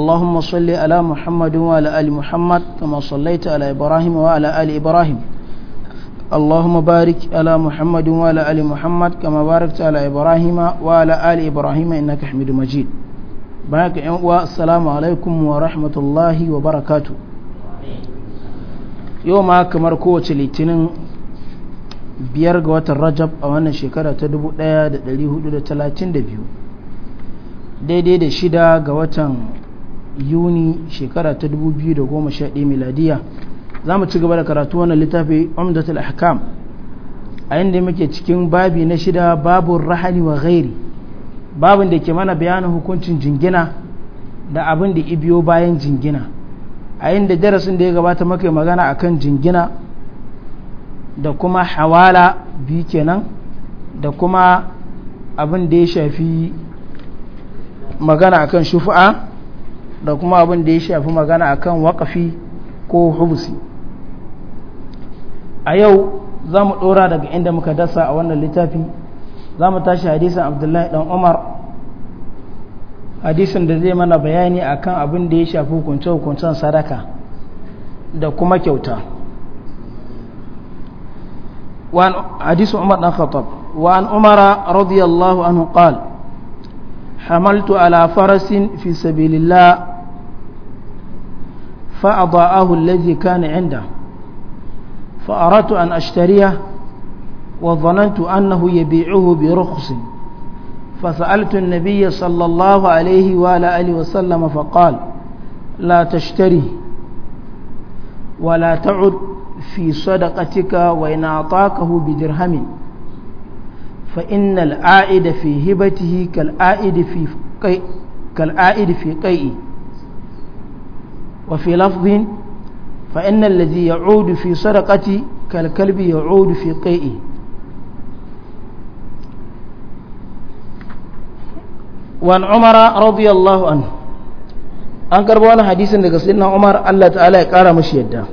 اللهم صل على محمد وعلى آل محمد كما صليت على إبراهيم وعلى آل إبراهيم اللهم بارك على محمد وعلى آل محمد كما باركت على إبراهيم وعلى آل إبراهيم إنك حميد مجيد بارك السلام عليكم ورحمة الله وبركاته يوم كمر قوة الاثنين biyar ga watan rajab a wannan shekara ta 1432 daidai da shida ga watan yuni shekara ta 2011 miladiya za mu ci gaba da karatu wannan littafi umdatul ahkam a inda muke cikin babi na shida babu rahani wa ghairi babin da ke mana bayanin hukuncin jingina da abin da ibiyo bayan jingina a inda darasin da ya gabata muke magana akan jingina da kuma hawala biyu kenan da kuma abin da ya shafi magana akan shufa'a da kuma abin da ya shafi magana akan wakafi ko hubusi a yau za mu ɗora daga inda muka dasa a wannan littafi za mu tashi hadisin abdullahi dan umar hadisin da zai mana bayani akan abin da ya shafi hukunce-hukuncen sadaka da kuma kyauta hadisin umar dan khattab وعن عمر رضي الله عنه قال حملت على فرس في سبيل الله فأضاءه الذي كان عنده فأردت أن أشتريه وظننت أنه يبيعه برخص فسألت النبي صلى الله عليه وعلى آله وسلم فقال لا تشتري ولا تعد في صدقتك وإن أعطاكه بدرهم fa innal a'ida fi hibatihi kal a'idi fi kai kal a'idi fi qai'i wa fi lafdhin fa innal ladhi ya'udu fi kal وعن عمر رضي الله عنه an karbo wani hadisin daga sayyidina Umar Allah ta'ala ya kara mashi yadda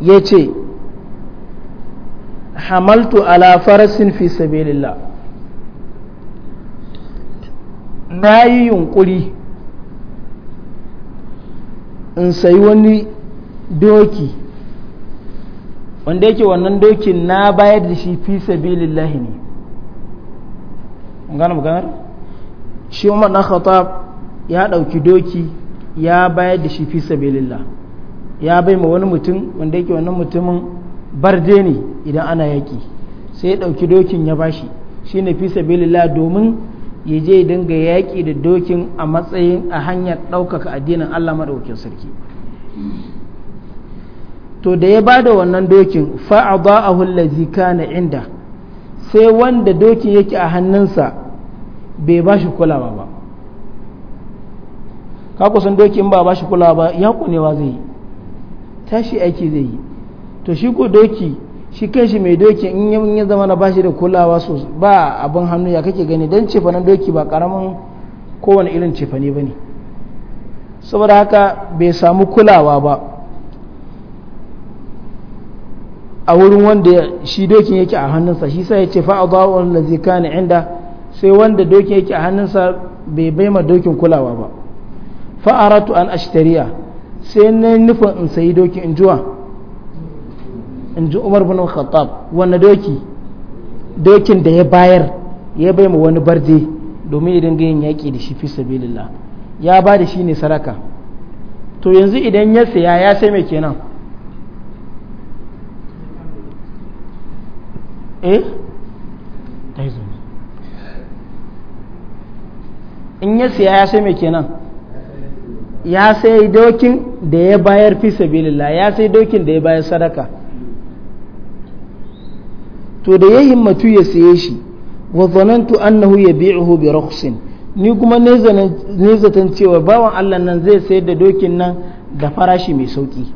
ya ce. hamaltu ala farasin fi sabilillah na yi yunkuri in sai wani doki wanda yake wannan dokin na bayar da shi fi sabilillahi ne gane maganar shi umar na khattab ya dauki doki ya bayar da shi fi sabilillah ya bai ma wani mutum wanda yake wannan mutumin barde ne idan ana yaƙi sai ɗauki dokin ya bashi shi ne fi sabilillah domin ya je dinga yaƙi da dokin a matsayin a hanyar ɗaukaka addinin Allah maɗaukin sarki to da ya ba da wannan dokin fa'aba a zika na inda sai wanda dokin yake a hannunsa bai ba shi kulawa ba ka kusan dokin ba ba shi kulawa ba ya kunewa zai yi tashi aiki zai yi to shi ko doki shi kanshi mai doki in ya zama na bashi da kulawa sosai ba abin hannu ya kake gani don cefanen doki ba karamin kowane irin cefane ba ne saboda haka bai samu kulawa ba a wurin wanda shi dokin yake a hannunsa shi sai ya ce fa wanda zai inda sai wanda dokin yake a hannunsa bai bai ma dokin kulawa ba fa'aratu an ashtariya sai na nufin in sayi dokin in juwa in ji umar bin khattab wani doki dokin da ya bayar ya bai mu wani barje domin idan yin yaƙi da shi fi sabilillah ya ba da shi ne saraka to yanzu idan ya saya ya sai mai kenan eh in ya saya ya sai mai kenan ya sai dokin da ya bayar fi sabilillah ya sai dokin da ya bayar sadaka to da ya himmatu ya saye shi wa zanantu annahu yabi'uhu bi rukhsin ni kuma ne zaton cewa bawan Allah nan zai sayar da dokin nan da farashi mai sauki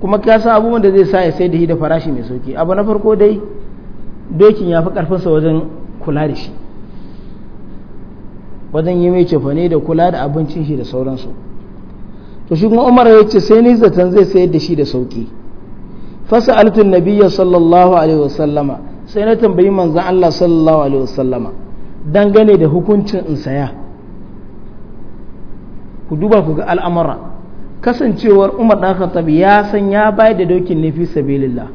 kuma ka san abubuwan da zai sa ya sayar da shi da farashi mai sauki abu na farko dai dokin ya fi karfinsa wajen kula da shi wajen yi mai cefane da kula da abincin shi da sauransu to shi kuma umar ya ce sai ni zaton zai sayar da shi da sauki Fasa النبي Nabiya Sallallahu عليه sai na tambayi manzan Allah sallallahu alaihi wasallama dangane da hukuncin in saya ku duba ku ga al'amura kasancewar Umar ɗan Khattab ya san ya bai da dokin Nufi fi sabilillah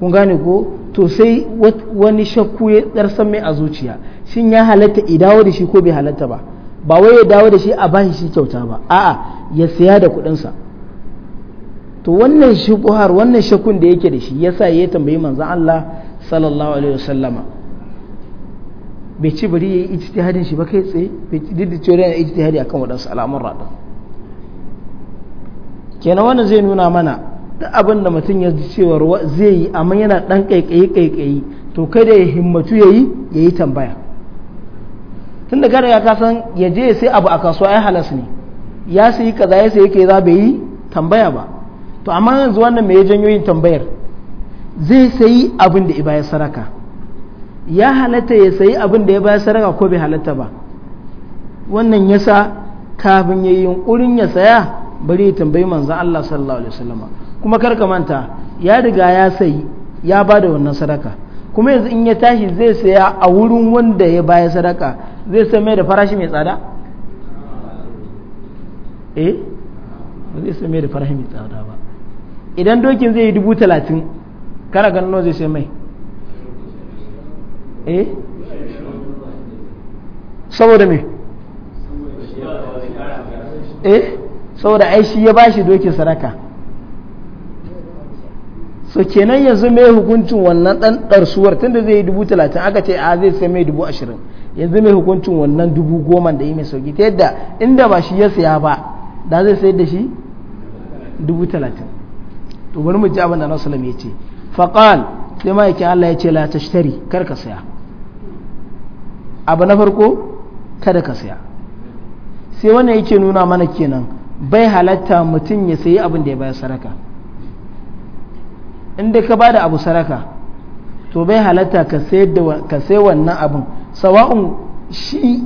kun gane ko to sai wani shakku ya darsan mai a zuciya shin ya halatta i dawo da shi ko bai halatta ba ba wai ya dawo da shi a bashi shi kyauta ba a'a ya saya da kuɗinsa to wannan shubuhar wannan shakun da yake da shi yasa ya tambayi manzon Allah sallallahu alaihi wasallama bai ci bari yayi ijtihadin shi ba kai tsaye bai didi cewa yana ijtihadi akan wadansu al'amuran rada kenan wannan zai nuna mana duk abin da mutum ya ji cewa zai yi amma yana dan kaikayi kaikayi to kada ya himmatu yayi yayi tambaya tunda kada ya kasan ya je sai abu a kasuwa ya halas ne ya sayi kaza ya sayi kaza bai yi tambaya ba to amma yanzu wannan mai janyo yin tambayar zai sayi abin da ya bayar saraka ya halatta ya sayi abin da ya bayar saraka ko bai halatta ba wannan yasa kafin ya yi yunkurin ya saya bari ya tambayi manzan Allah sallallahu alaihi wasallam kuma kar ka manta ya riga ya sayi ya ba da wannan sadaka kuma yanzu in ya tashi zai saya a wurin wanda ya baya sadaka zai sai mai da farashi mai tsada eh ba zai sai mai da farashi mai tsada ba idan dokin zai yi dubu talatin kana ganin zai sai mai eh saboda me eh saboda ai shi ya bashi dokin saraka so kenan yanzu mai hukuncin wannan dan ɗarsuwar tunda zai yi dubu talatin aka ce a zai sai mai dubu ashirin yanzu mai hukuncin wannan dubu goma da yi mai sauki ta yadda inda ba shi ya saya ba da zai sayar da shi dubu talatin to bari mu ji abin da na sallallahu ya ce faqal sai ma'aikin Allah ya ce la tashtari kar ka saya abu na farko kada ka saya sai wannan yake nuna mana kenan bai halatta mutum ya sayi abin da ya bayar saraka inda ka bada abu saraka to bai halatta ka sai wannan abin sawa'un shi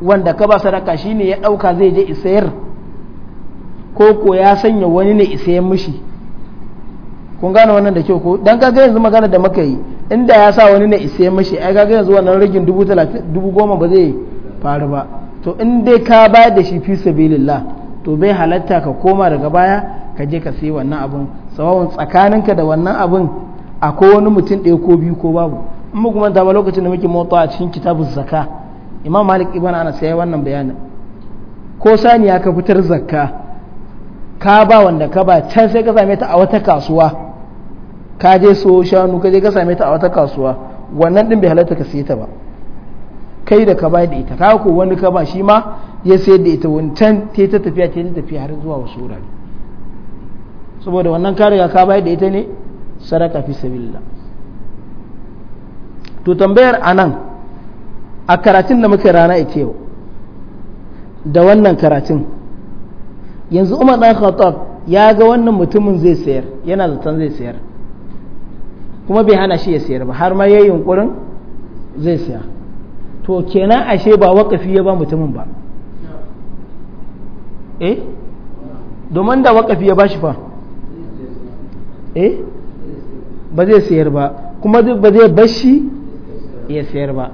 wanda ka ba saraka shine ya dauka zai je isayar ko ko ya sanya wani ne isayen mishi kun gane wannan da kyau ko dan kaga yanzu magana da muka yi inda ya sa wani ne isa mashi ai kaga yanzu wannan rigin dubu goma ba zai faru ba to in dai ka ba da shi fi sabilillah to bai halatta ka koma daga baya ka je ka sai wannan abun sawawun tsakaninka da wannan abun akwai wani mutum ɗaya ko biyu ko babu in mu manta ba lokacin da muke motsa a cikin kitabun zakka imam malik ibn anas yayi wannan bayanin ko saniya ka fitar zakka ka ba wanda ka ba can sai ka same ta a wata kasuwa ka je so shanu ka je ka same ta a wata kasuwa wannan din bai halatta ka siye ta ba kai da ka bayar da ita ka ko wani ka ba shi ma ya sayar da ita wancan ta ta tafiya ta ta tafiya har zuwa wasu wurare saboda wannan ka riga ka bayar da ita ne saraka fi sabilla. to tambayar anan a karatun da muka rana ita yau da wannan karatun yanzu umar dan khattab ya ga wannan mutumin zai sayar yana zaton zai sayar kuma bai hana shi ya sayar ba har ma yayi yunkurin zai saya to kenan ashe ba wakafi ya ba mutumin ba eh domin da wakafi ya ba shi fa eh ba zai sayar ba kuma duk ba zai bashi ya sayar ba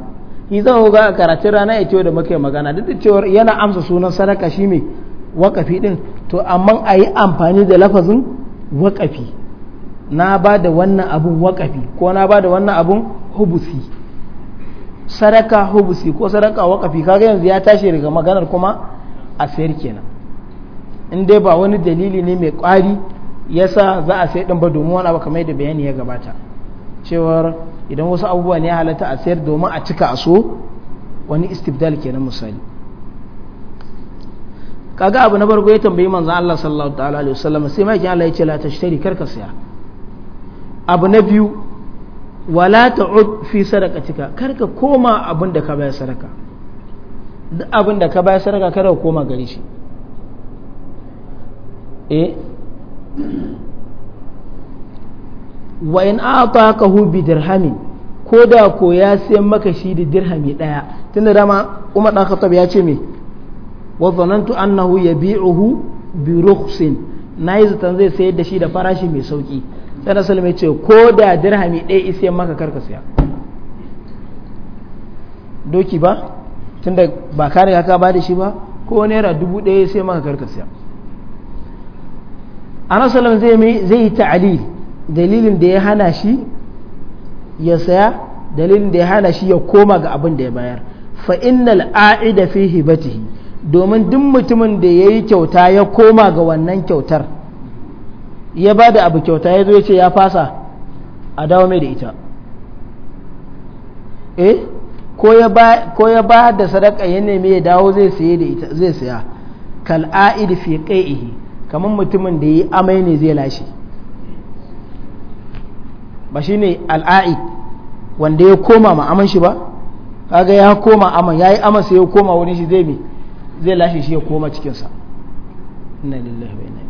yi zan ga a karatun rana ya ce da muka magana duk da cewar yana amsa sunan sadaka shi mai wakafi din to amma a yi amfani da lafazin wakafi na ba da wannan abun waƙafi ko na ba da wannan abun hubusi sadaka hubusi ko sadaka wakafi kaga yanzu ya tashi daga maganar kuma a sayar kenan in dai ba wani dalili ne mai ƙwari yasa za a sayar din ba domin wani abu kamar da bayani ya gabata cewar idan wasu abubuwa ne ya halatta a sayar domin a cika a so wani istibdal kenan misali kaga abu na farko ya tambayi manzo Allah sallallahu alaihi wasallam sai mai Allah ya ce la tashtari ka saya abu na biyu wala ta'ud fi sadaqatika karka koma abin da ka bayar sadaka duk abin da ka bayar sadaka kada ka koma gare shi eh wa in hu bi dirhamin ko da ko ya sayan maka shi da dirhami daya tunda dama Umar dan Khattab ya ce me wa zanantu annahu yabi'uhu bi rukhsin nayi zatan zai sayar da shi da farashi mai sauki sai na ce ko da dirhami ɗaya isiyan maka karka siya doki ba tunda ba ka riga ka ba da shi ba ko naira dubu ɗaya sai maka karka siya ana zai yi ta'ali dalilin da ya hana shi ya saya dalilin da ya hana shi ya koma ga abin da ya bayar fa innal a'ida fi hibatihi domin duk mutumin da ya yi kyauta ya koma ga wannan kyautar ya ba da abu kyauta ya zo ya ce ya fasa a dawo mai da ita eh ko ya ba da sadaka ya nemi ya dawo zai saye da ita zai saya kal a'id fi qaihi kamar mutumin da yi amai ne zai lashe ba shine al'a'id wanda ya koma ma aman shi ba kaga ya koma aman yi aman sai ya koma wani shi zai zai lashe shi ya koma cikinsa. inna lillahi wa inna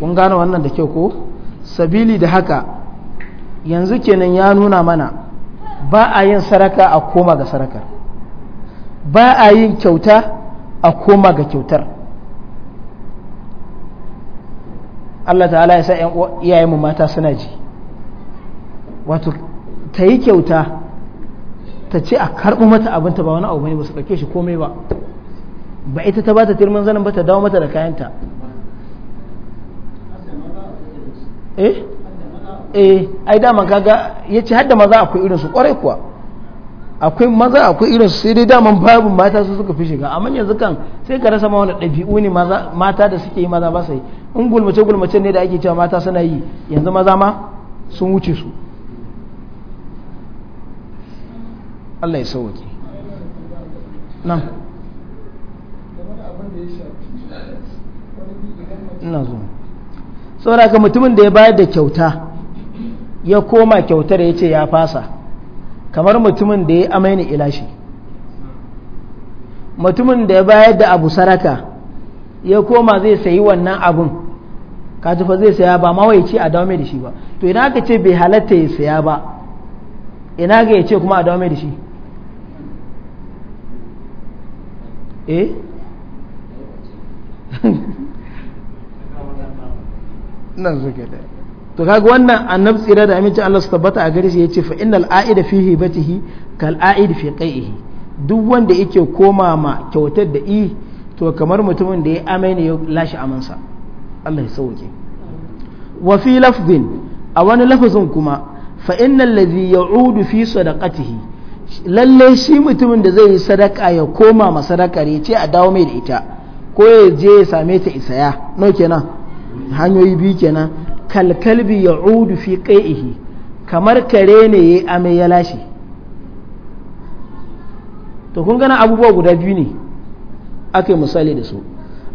kun gane wannan da kyau ko sabili da haka yanzu kenan ya nuna mana ba a yin saraka a koma ga sarakar ba a yin kyauta a koma ga kyautar Allah ta'ala ya sa iyayen mu mata suna ji wato ta yi kyauta ta ce a karɓi mata abinta ba wani abu ne ba su ɗauke shi komai ba ba ita ta ba ta tirman zanen ba ta dawo mata da kayanta eh eh ai dama kaga yace har da maza akwai irin su kwarai kuwa akwai maza akwai irin su sai dai daman babu mata su suka fi shiga amma yanzu kan sai ka rasa ma wani dabi'u ne mata da suke yi maza ba su yi in gulmace gulmace ne da ake cewa mata suna yi yanzu maza ma sun wuce su Allah ya sauke nan ina zuwa saboda ka mutumin da ya bayar da kyauta ya koma kyautar ya ce ya fasa kamar mutumin da ya amai ni ilashi mutumin da ya bayar da abu saraka ya koma zai sayi wannan abun ka fa zai saya ba ce a dawo mai da shi ba to ina ka ce bai halatta ya saya ba ina ga ya ce kuma a dawo mai da shi eh nan zo da to kaga wannan annabi tsira da aminci Allah su tabbata a gare shi yace fa innal aida fi hibatihi kal aid fi qaihi duk wanda yake koma ma kyautar da i to kamar mutumin da ya amai ne ya lashe amansa Allah ya sauke wa fi lafdin a wani lafazin kuma fa innal ladhi ya'udu fi sadaqatihi lalle shi mutumin da zai yi sadaka ya koma ma sadakar ya ce a dawo mai da ita ko ya je ya same ta isaya no kenan hanyoyi biyu kenan kalbi ya udu fi qai'ihi kamar kare ne yayi amai ya lashe to kun gana abubuwa guda biyu ne aka misali da su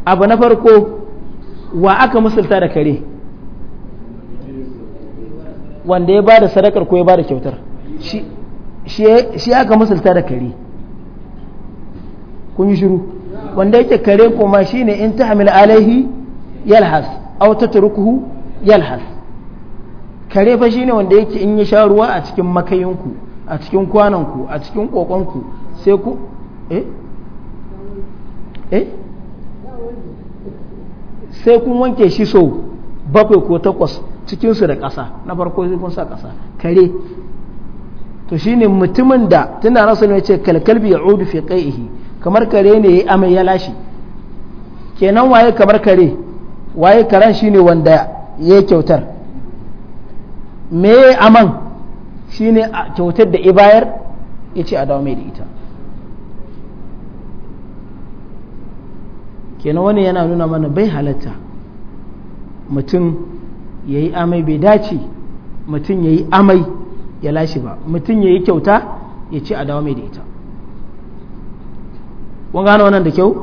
abu na farko wa aka misalta da kare wanda ya ba da sadakar ko ya ba da kyautar shi aka misalta da kare kun yi shiru wanda yake kare kuma shine in ta hamil alaihi yalhas aw tatrukuhu yalhas kare fa shine wanda yake in ya sha ruwa a cikin makayinku a cikin kwananku a cikin kokonku sai ku eh eh sai kun wanke shi so bakwai ko takwas cikinsu da ƙasa na farko sai kun sa ƙasa kare to shine mutumin da tunda rasu ne ce kalkalbi ya udu fi qaihi kamar kare ne ya amai ya lashi kenan waye kamar kare waye karan shine wanda ya kyautar me aman shine kyautar da ibayar ya ce a dawo mai da ita kenan wani yana nuna mana bai halatta mutum ya yi amai bai dace mutum ya yi amai ya lashe ba mutum ya yi kyauta ya ce a dawo mai da ita wani gano wannan da kyau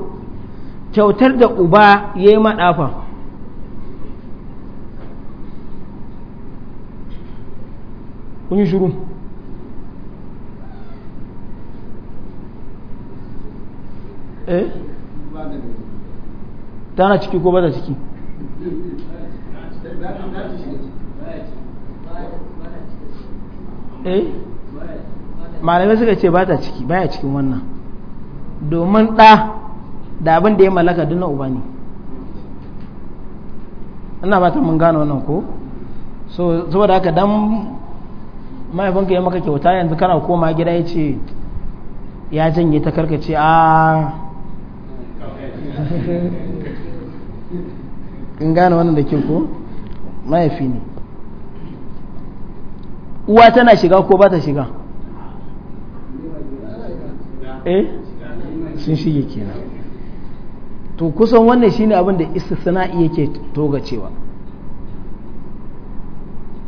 kyautar da uba ya yi maɗafa kun yi shuru eh tana ciki ko ba ta ciki eh malamai suka ce ba ta ciki baya cikin wannan domin ɗa da abin da ya mallaka duna uba ne ina ba ta mun gano wannan ko so saboda haka dan mahaifinka ya maka kyauta yanzu kana koma gida ya ce ya janye ta karkace a ah. in gane wannan da ke ko mahaifi ne uwa tana shiga ko ba ta shiga eh sun shige kenan to kusan wannan shine abin da istisna'i yake cewa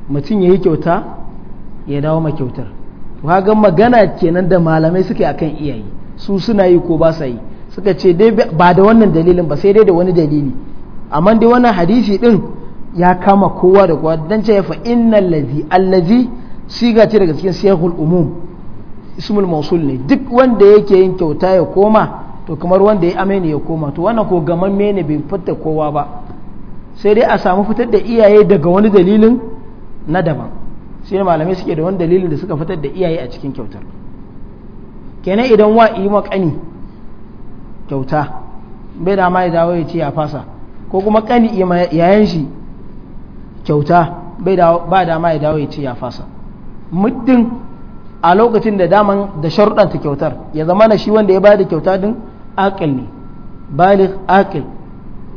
mutum ya yi kyauta ya dawo ma kyautar to ga magana kenan da malamai suke akan iyaye su suna yi ko ba sa yi suka ce dai ba da wannan dalilin ba sai dai da wani dalili amma dai wannan hadisi din ya kama kowa da kowa dan ce fa innal ladhi allazi siga ce daga cikin shaykhul umum ismul mawsul ne duk wanda yake yin kyauta ya koma to kamar wanda ya ame ya koma to wannan ko gamamme ne bai fitar kowa ba sai dai a samu fitar da iyaye daga wani dalilin na daban sai malamai suke da wani dalilin da suka fitar da iyaye a cikin kyautar kenan idan wa yi makani kyauta bai da ma ya dawo ya ce ya fasa ko kuma kani yayan shi kyauta ba da ma ya dawo ya ce ya fasa muddin a lokacin da daman da sharuɗanta kyautar ya zama na shi wanda ya ba da kyauta din akil ne balik akil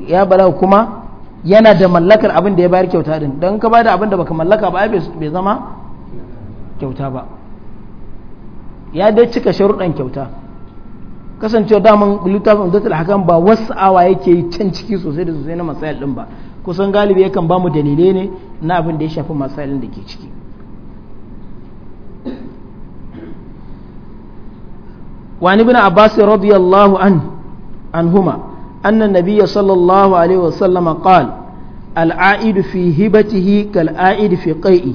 ya bala kuma yana da mallakar abin da ya bayar kyauta din don ka da abin da baka mallaka ba bai zama kyauta ba ya dai cika sharuɗan kyauta kasancewa daman littafin zatul hakan ba wasu awa yake can ciki sosai da sosai na matsayal din ba kusan galibi yakan ba mu dalilai ne na abin da ya shafi matsayalin da ke ciki wani bin abbas radiyallahu an anhuma أن النبي صلى الله عليه وسلم قال العائد في هبته كالعائد في قيئه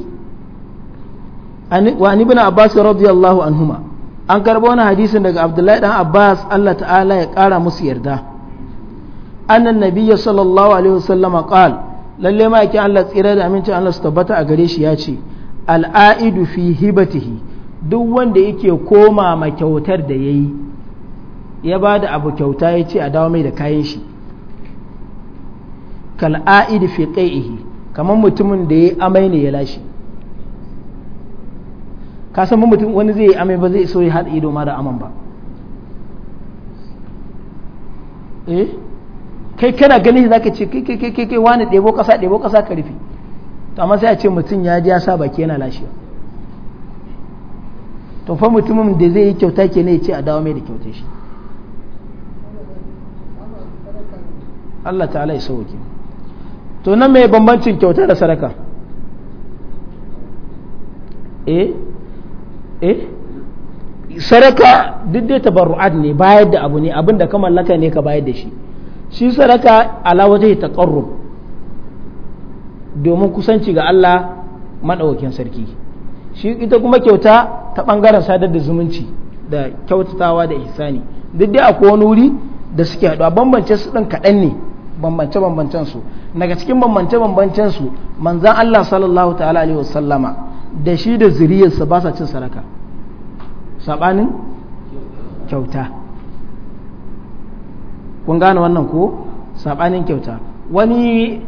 وعن ابن عباس رضي الله عنهما an karɓo wani hadisin daga abdullahi dan abbas allah ya ƙara musu yarda annan nabiyya sallallahu alaihi wasallam qal lalle ma yake allah tsira da amincin allah su tabbata a gare shi ya ce al'aidu fi hibatihi duk wanda yake koma ma kyautar da yayi ya ba da abu kyauta ya ce a dawo mai da kayan shi kal'a'id fi qai'ihi kamar mutumin da ya amai ne ya lashe ka san mutum wani zai yi amai ba zai so ya haɗa ido ma da aman ba eh kai kana ganin shi zaka ce kai kai kai kai wani ɗebo ƙasa ɗebo ƙasa ka rufe to amma sai a ce mutum ya ji ya sa baki yana lashewa to fa mutumin da zai yi kyauta ke ne ya ce a dawo mai da kyautar shi Allah ta'ala ya sauke to nan mai bambancin kyauta da sadaka eh eh sadaka duk dai tabarru'at ne bayar da abu ne abin da ka mallaka ne ka bayar da shi shi sadaka ala waje ta domin kusanci ga Allah maɗaukin sarki shi ita kuma kyauta ta ɓangaren sadar da zumunci da kyautatawa da ihsani duk dai akwai wani wuri da suke haɗuwa bambance su ɗin kaɗan ne bambance bambancen su daga cikin bambance bambancen su manzan Allah sallallahu ta'ala alaihi wasallama da shi da zuriyarsa ba sa cin saraka sabanin kyauta kun gane wannan ko sabanin kyauta wani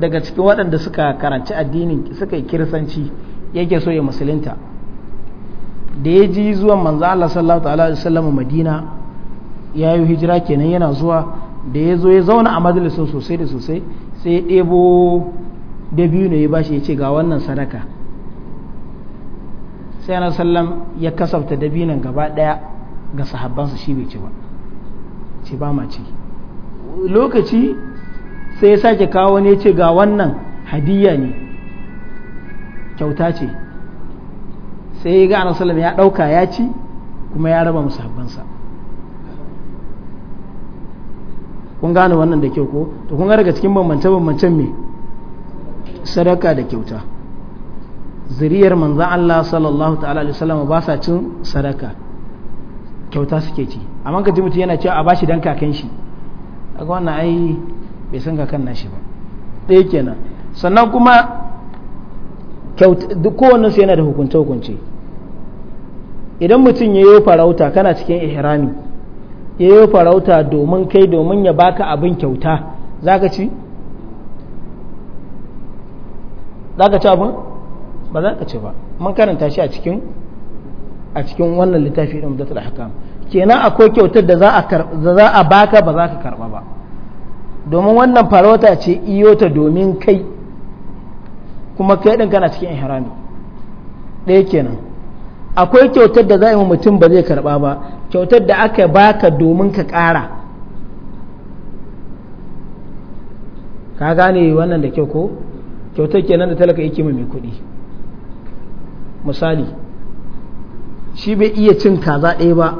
daga cikin waɗanda suka karanci addinin suka yi kirsanci yake so ya musulunta da ya ji zuwan manzan Allah sallallahu ta'ala alaihi wasallama Madina ya yi hijira kenan yana zuwa da ya zo ya zauna a majalisun sosai da sosai sai ya ɗebo da biyu ne ya bashi ya ce ga wannan sadaka sai ana sallam ya kasafta da biyu gaba ɗaya ga sahabbansa shi bai ci ba ce ba ma ci lokaci sai ya sake kawo ne ce ga wannan hadiyya ne kyauta ce sai ya ga ana sallam ya ɗauka ya ci kuma ya raba musabbansa kun gane wannan da kyau ko to kun daga cikin bambance bambancen me sadaka da kyauta zuriyar manzo Allah sallallahu ta'ala alaihi wasallam ba sa cin sadaka kyauta suke ci amma ka ji mutum yana cewa a bashi dan kakan shi kaga wannan ai bai san kakan nashi ba dai kenan sannan kuma duk kowanne su yana da hukunce hukunce idan mutum ya yi farauta kana cikin ihrami ya yi farauta domin kai domin ya baka abin kyauta za ka ci? za ka ci abin? ba za ka ci ba mun karanta shi a cikin a cikin wannan littafi ɗin da tul hakam kenan akwai kyautar da za a baka ba za ka karba ba domin wannan farauta ce iyo ta domin kai kuma kai ɗin kana cikin ihrami ɗaya kenan akwai kyautar da za yi mutum ba zai karba ba kyautar da aka baka domin ka ƙara ka gane wannan da kyau ko kyautar kenan da talaka yake mai kuɗi misali shi bai iya cin kaza ɗaya ba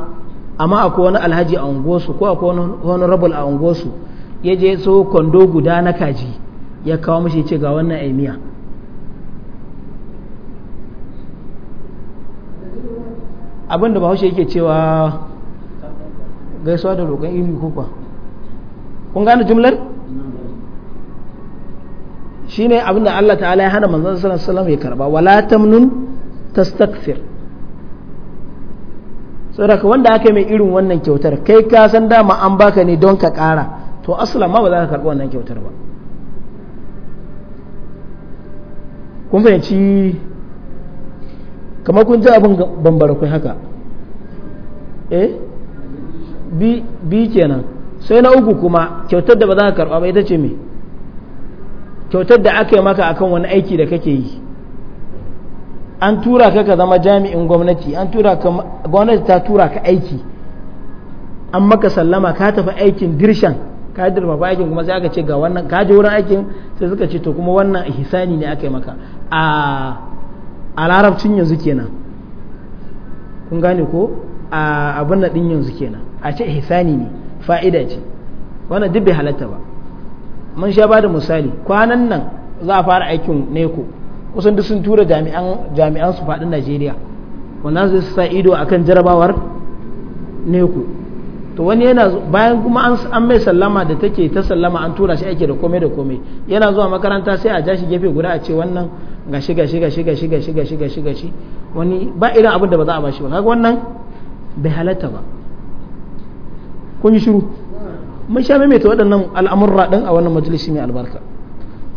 amma akwai wani alhaji a unguwarsu ko akwai wani rabul a unguwarsu ya je so kwando guda na kaji ya kawo mashi ce ga wannan aimiya abin da bahaushe yake cewa gaisuwa da roƙon iri kuka kun gane jumlar shine abin da Allah ta'ala ya hana manzan sallallahu salam ya karba wala tamnun stakfir tsoraka wanda aka yi mai irin wannan kyautar kai ka san dama an baka ne don ka kara to aslan ma ba za ka karɓi wannan kyautar ba kun fahimci kamar kun ji abin bambara kai haka eh bi kenan sai na uku kuma kyautar da ba za ka karba ba ita ce me kyautar da aka yi maka akan wani aiki da kake yi an tura ka ka zama jami'in gwamnati an tura ka gwamnati ta tura ka aiki an maka sallama ka tafi aikin dirshan ka dirba ba aikin kuma sai aka ce ga wannan ka je wurin aikin sai suka ce to kuma wannan ihsani ne aka yi maka a a larabcin yanzu kenan kun gane ko a abin da yanzu kenan a ce ihsani ne fa'ida ce wannan duk bai halatta ba mun sha bada misali kwanan nan za a fara aikin neko kusan duk sun tura jami'an su faɗin Najeriya wannan zai sa ido akan jarabawar neko to wani yana bayan kuma an mai sallama da take ta sallama an tura shi ake da komai da komai yana zuwa makaranta sai a ja gefe guda a ce wannan Ga shiga shiga shiga shiga shiga shiga shiga shi wani ba irin abin da ba za a bashi ba kaga wannan bai halatta ba kun yi shiru mun sha maimaita waɗannan al'amurra ɗin a wannan majalisi mai albarka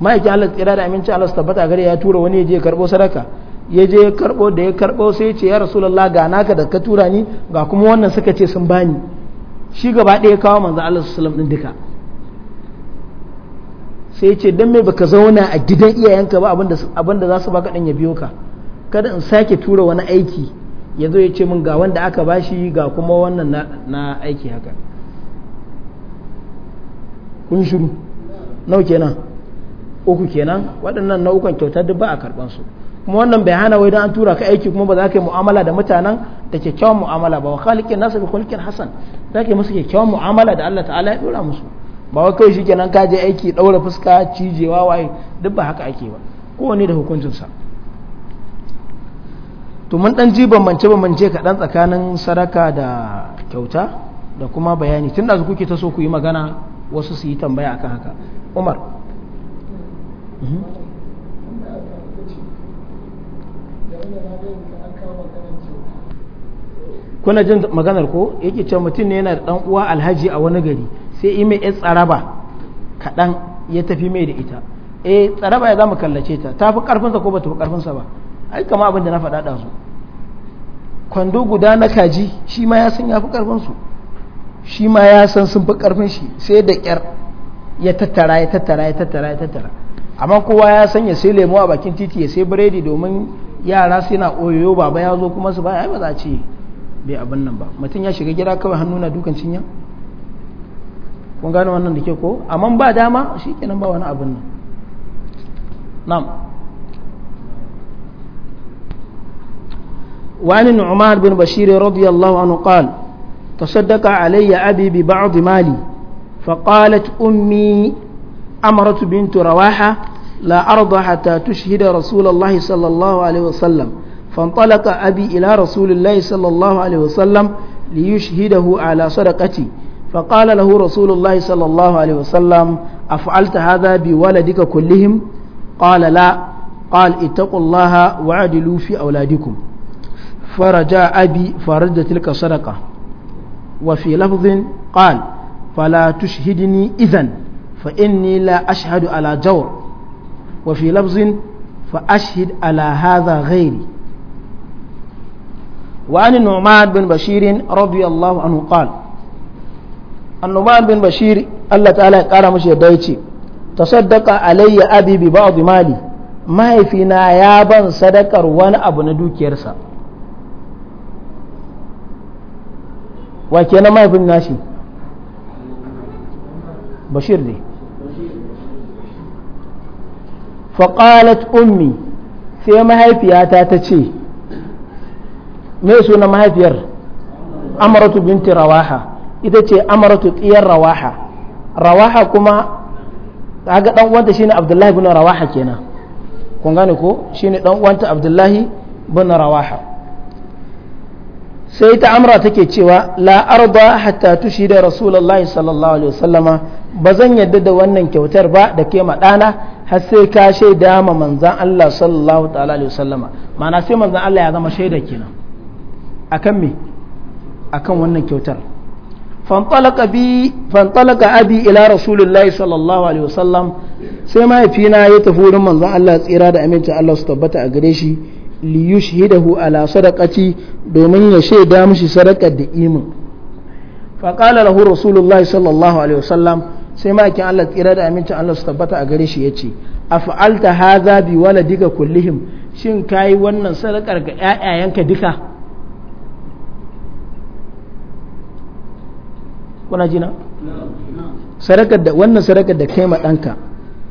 ma'aiki Allah tsira da aminci Allah su tabbata gare ya tura wani ya je karɓo sadaka ya je karɓo da ya karɓo sai ya ce ya rasulullah ga naka da ka tura ni ga kuma wannan suka ce sun bani shi gaba ɗaya kawo manzo Allah sallallahu alaihi wasallam ɗin duka sai ce don me baka zauna a gidan iyayenka ba abinda za su baka kaɗan ya biyo ka kada in sake tura wani aiki yanzu ya ce min ga wanda aka bashi ga kuma wannan na aiki haka kun shiru nau kenan uku kenan waɗannan nau'ukan kyautar duk ba a karɓan su kuma wannan bai hana wai don an tura ka aiki kuma ba za ka yi mu'amala da mutanen da kyakkyawan mu'amala ba wa khaliqin nasu bi khulqin hasan za ka yi musu kyakkyawan mu'amala da Allah ta'ala ya dora musu ba kai shi shikenan ka je aiki daura fuska cijewa waye duk ba haka ake ba kowane da hukuncinsa to mun dan ji bambance bambance kaɗan tsakanin sadaka da kyauta da kuma bayani tun da kuke ta so ku yi magana wasu su yi tambaya akan haka umar mhm. kuna jin maganar ko yake ce mutum ne yana da dan uwa alhaji a wani gari sai ime ya tsaraba kaɗan ya tafi mai da ita eh tsaraba ya zama kallace ta ta fi karfinsa ko ba ta fi karfinsa ba ai kama abin da na faɗa ɗansu kwando guda na kaji shi ma ya san ya fi ƙarfinsu shi ma ya san sun fi ƙarfin shi sai da ƙyar ya tattara ya tattara ya tattara ya tattara amma kowa ya san ya sai lemo a bakin titi ya sai biredi domin yara sai na oyoyo baba ya zo kuma su ba ai ba za a ce bai abin nan ba mutum ya shiga gida kawai hannu na dukan cinya kun gane wannan da ke ko amma ba dama shi kenan ba wani abin nan na'am وعن النعمان بن بشير رضي الله عنه قال تصدق علي أبي ببعض مالي فقالت أمي أمرت بنت رواحة لا أرضى حتى تشهد رسول الله صلى الله عليه وسلم فانطلق أبي إلى رسول الله صلى الله عليه وسلم ليشهده على صدقتي فقال له رسول الله صلى الله عليه وسلم أفعلت هذا بولدك كلهم قال لا قال اتقوا الله وعدلوا في أولادكم فرجاء أبي فرد تلك صدقة وفي لفظ قال فلا تشهدني إذن فإني لا أشهد على جور وفي لفظ فأشهد على هذا غيري وعن النعمان بن بشير رضي الله عنه قال annuman bin bashir Allah ta'ala ya kara mashi yadda yace tasaddaqa alayya abi bi ba'd mali na ya ban sadakar wani abu na dukiyarsa wa kenan nashi bashir ne faƙalat ummi sai mahaifiyata ta ce me suna mahaifiyar amaratu binti rawaha ita ce amaratu tsiyar rawaha rawaha kuma ga dan uwanta shine abdullahi bin rawaha kenan kun gane ko shine dan uwanta abdullahi bin rawaha sai ta amra take cewa la arda hatta tushida rasulullahi sallallahu alaihi wasallama ba zan yadda da wannan kyautar ba da ke ma dana har sai ka shaida ma manzan Allah sallallahu ta'ala alaihi wasallama ma'ana sai manzan Allah ya zama shaida kenan akan me akan wannan kyautar fantalaka bi fantalaka abi ila rasulullahi sallallahu alaihi wasallam sai mahaifina ya tafi wurin manzon Allah tsira da amincin Allah su tabbata a gare shi li yushhidahu ala sadaqati domin ya shaida mishi sadakar da imin fa qala lahu rasulullahi sallallahu alaihi wasallam sai ma'aikin Allah tsira da amincin Allah su tabbata a gare shi yace af'alta hadha shin kai wannan sadakar ga ƴaƴayenka duka kuna jina sarakar da wannan sarakar da kai ma ɗanka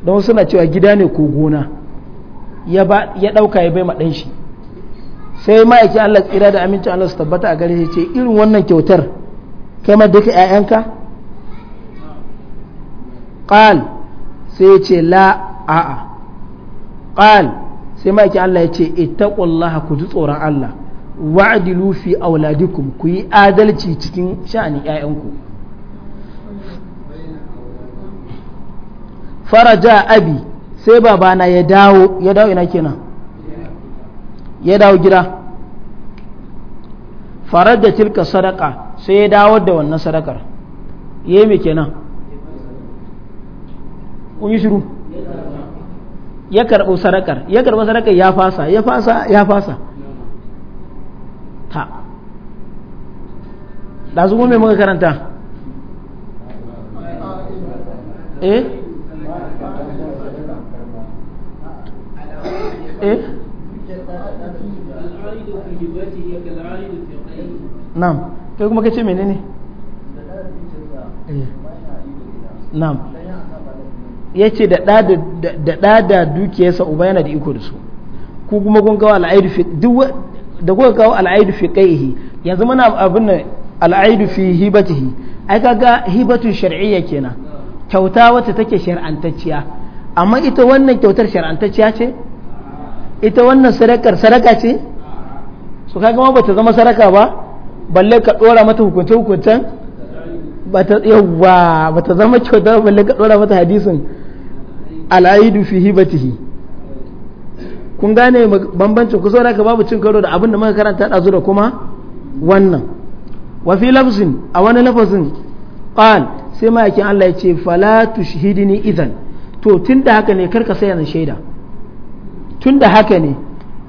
don suna cewa gida ne ko gona ya ɗauka ya bai ma shi sai ma'aikin Allah tsira da amincin Allah su tabbata a gare shi ce irin wannan kyautar kai ma duka ƴaƴanka qal sai ce la a'a qal sai ma'aikin Allah ya ce ittaqullaha ku ji tsoron Allah wa'dilu fi auladikum ku yi adalci cikin sha'anin ƴaƴanku faraja abi sai babana ya dawo ya dawo ina kenan ya dawo gida farar da tilka sadaka sai ya dawo da wannan sadakar ya yi kenan kun yi shiru ya karɓo sadakar ya karɓo sadakar ya fasa ya fasa ya fasa ta da kuma mai muka karanta eh Eh? na'am kai kuma kace menene eh. na'am yace da da da da da dukiyarsa uba yana da iko da su ku kuma kun kawo al'aidu fi duk da kuka kawo al'aidu fi qaihi yanzu muna abin nan al'aidu fi hibatihi ai kaga hibatu shar'iyya kenan kyauta wacce take shar'antacciya amma ita wannan kyautar shar'antacciya ce ita wannan sadakar sadaka ce su gama ba ta zama sadaka ba balle ka dora mata hukunce hukuncen bata yawa ta zama kyauta balle ka dora mata hadisin al'aidu fi hibatihi kun gane bambancin ku saboda ka babu cin karo da abin da muka karanta da da kuma wannan wa fi a wani lafazin qal sai ma yakin Allah ya ce fala tushhidni idan to tunda haka ne karka sai yana shaida tun da haka ne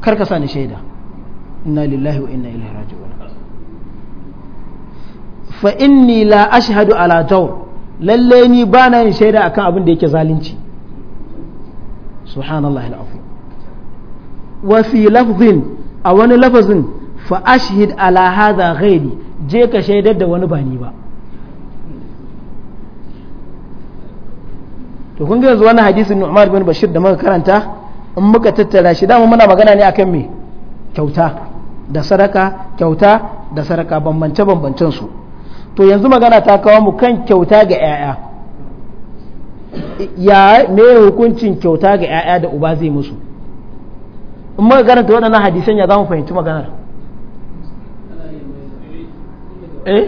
karka ka sa ni shaida inna lillahi wa inna ilaihi raji'un fa inni la ashhadu ala jawr lalle ni ba na yin shaida akan abin da yake zalunci subhanallahi alazim wa fi lafzin a wani lafazin fa ashhid ala hadha ghairi je ka shaidar da wani ba ni ba to kun ga yanzu wani hadisin Umar bin Bashir da muka karanta in muka tattara shi dama muna magana ne akan me kyauta da sadaka kyauta da sadaka bambance bambancen su to yanzu magana ta kawo mu kan kyauta ga 'ya'ya ya me hukuncin kyauta ga 'ya'ya da uba zai musu in muka karanta waɗannan hadisan ya za mu fahimci maganar eh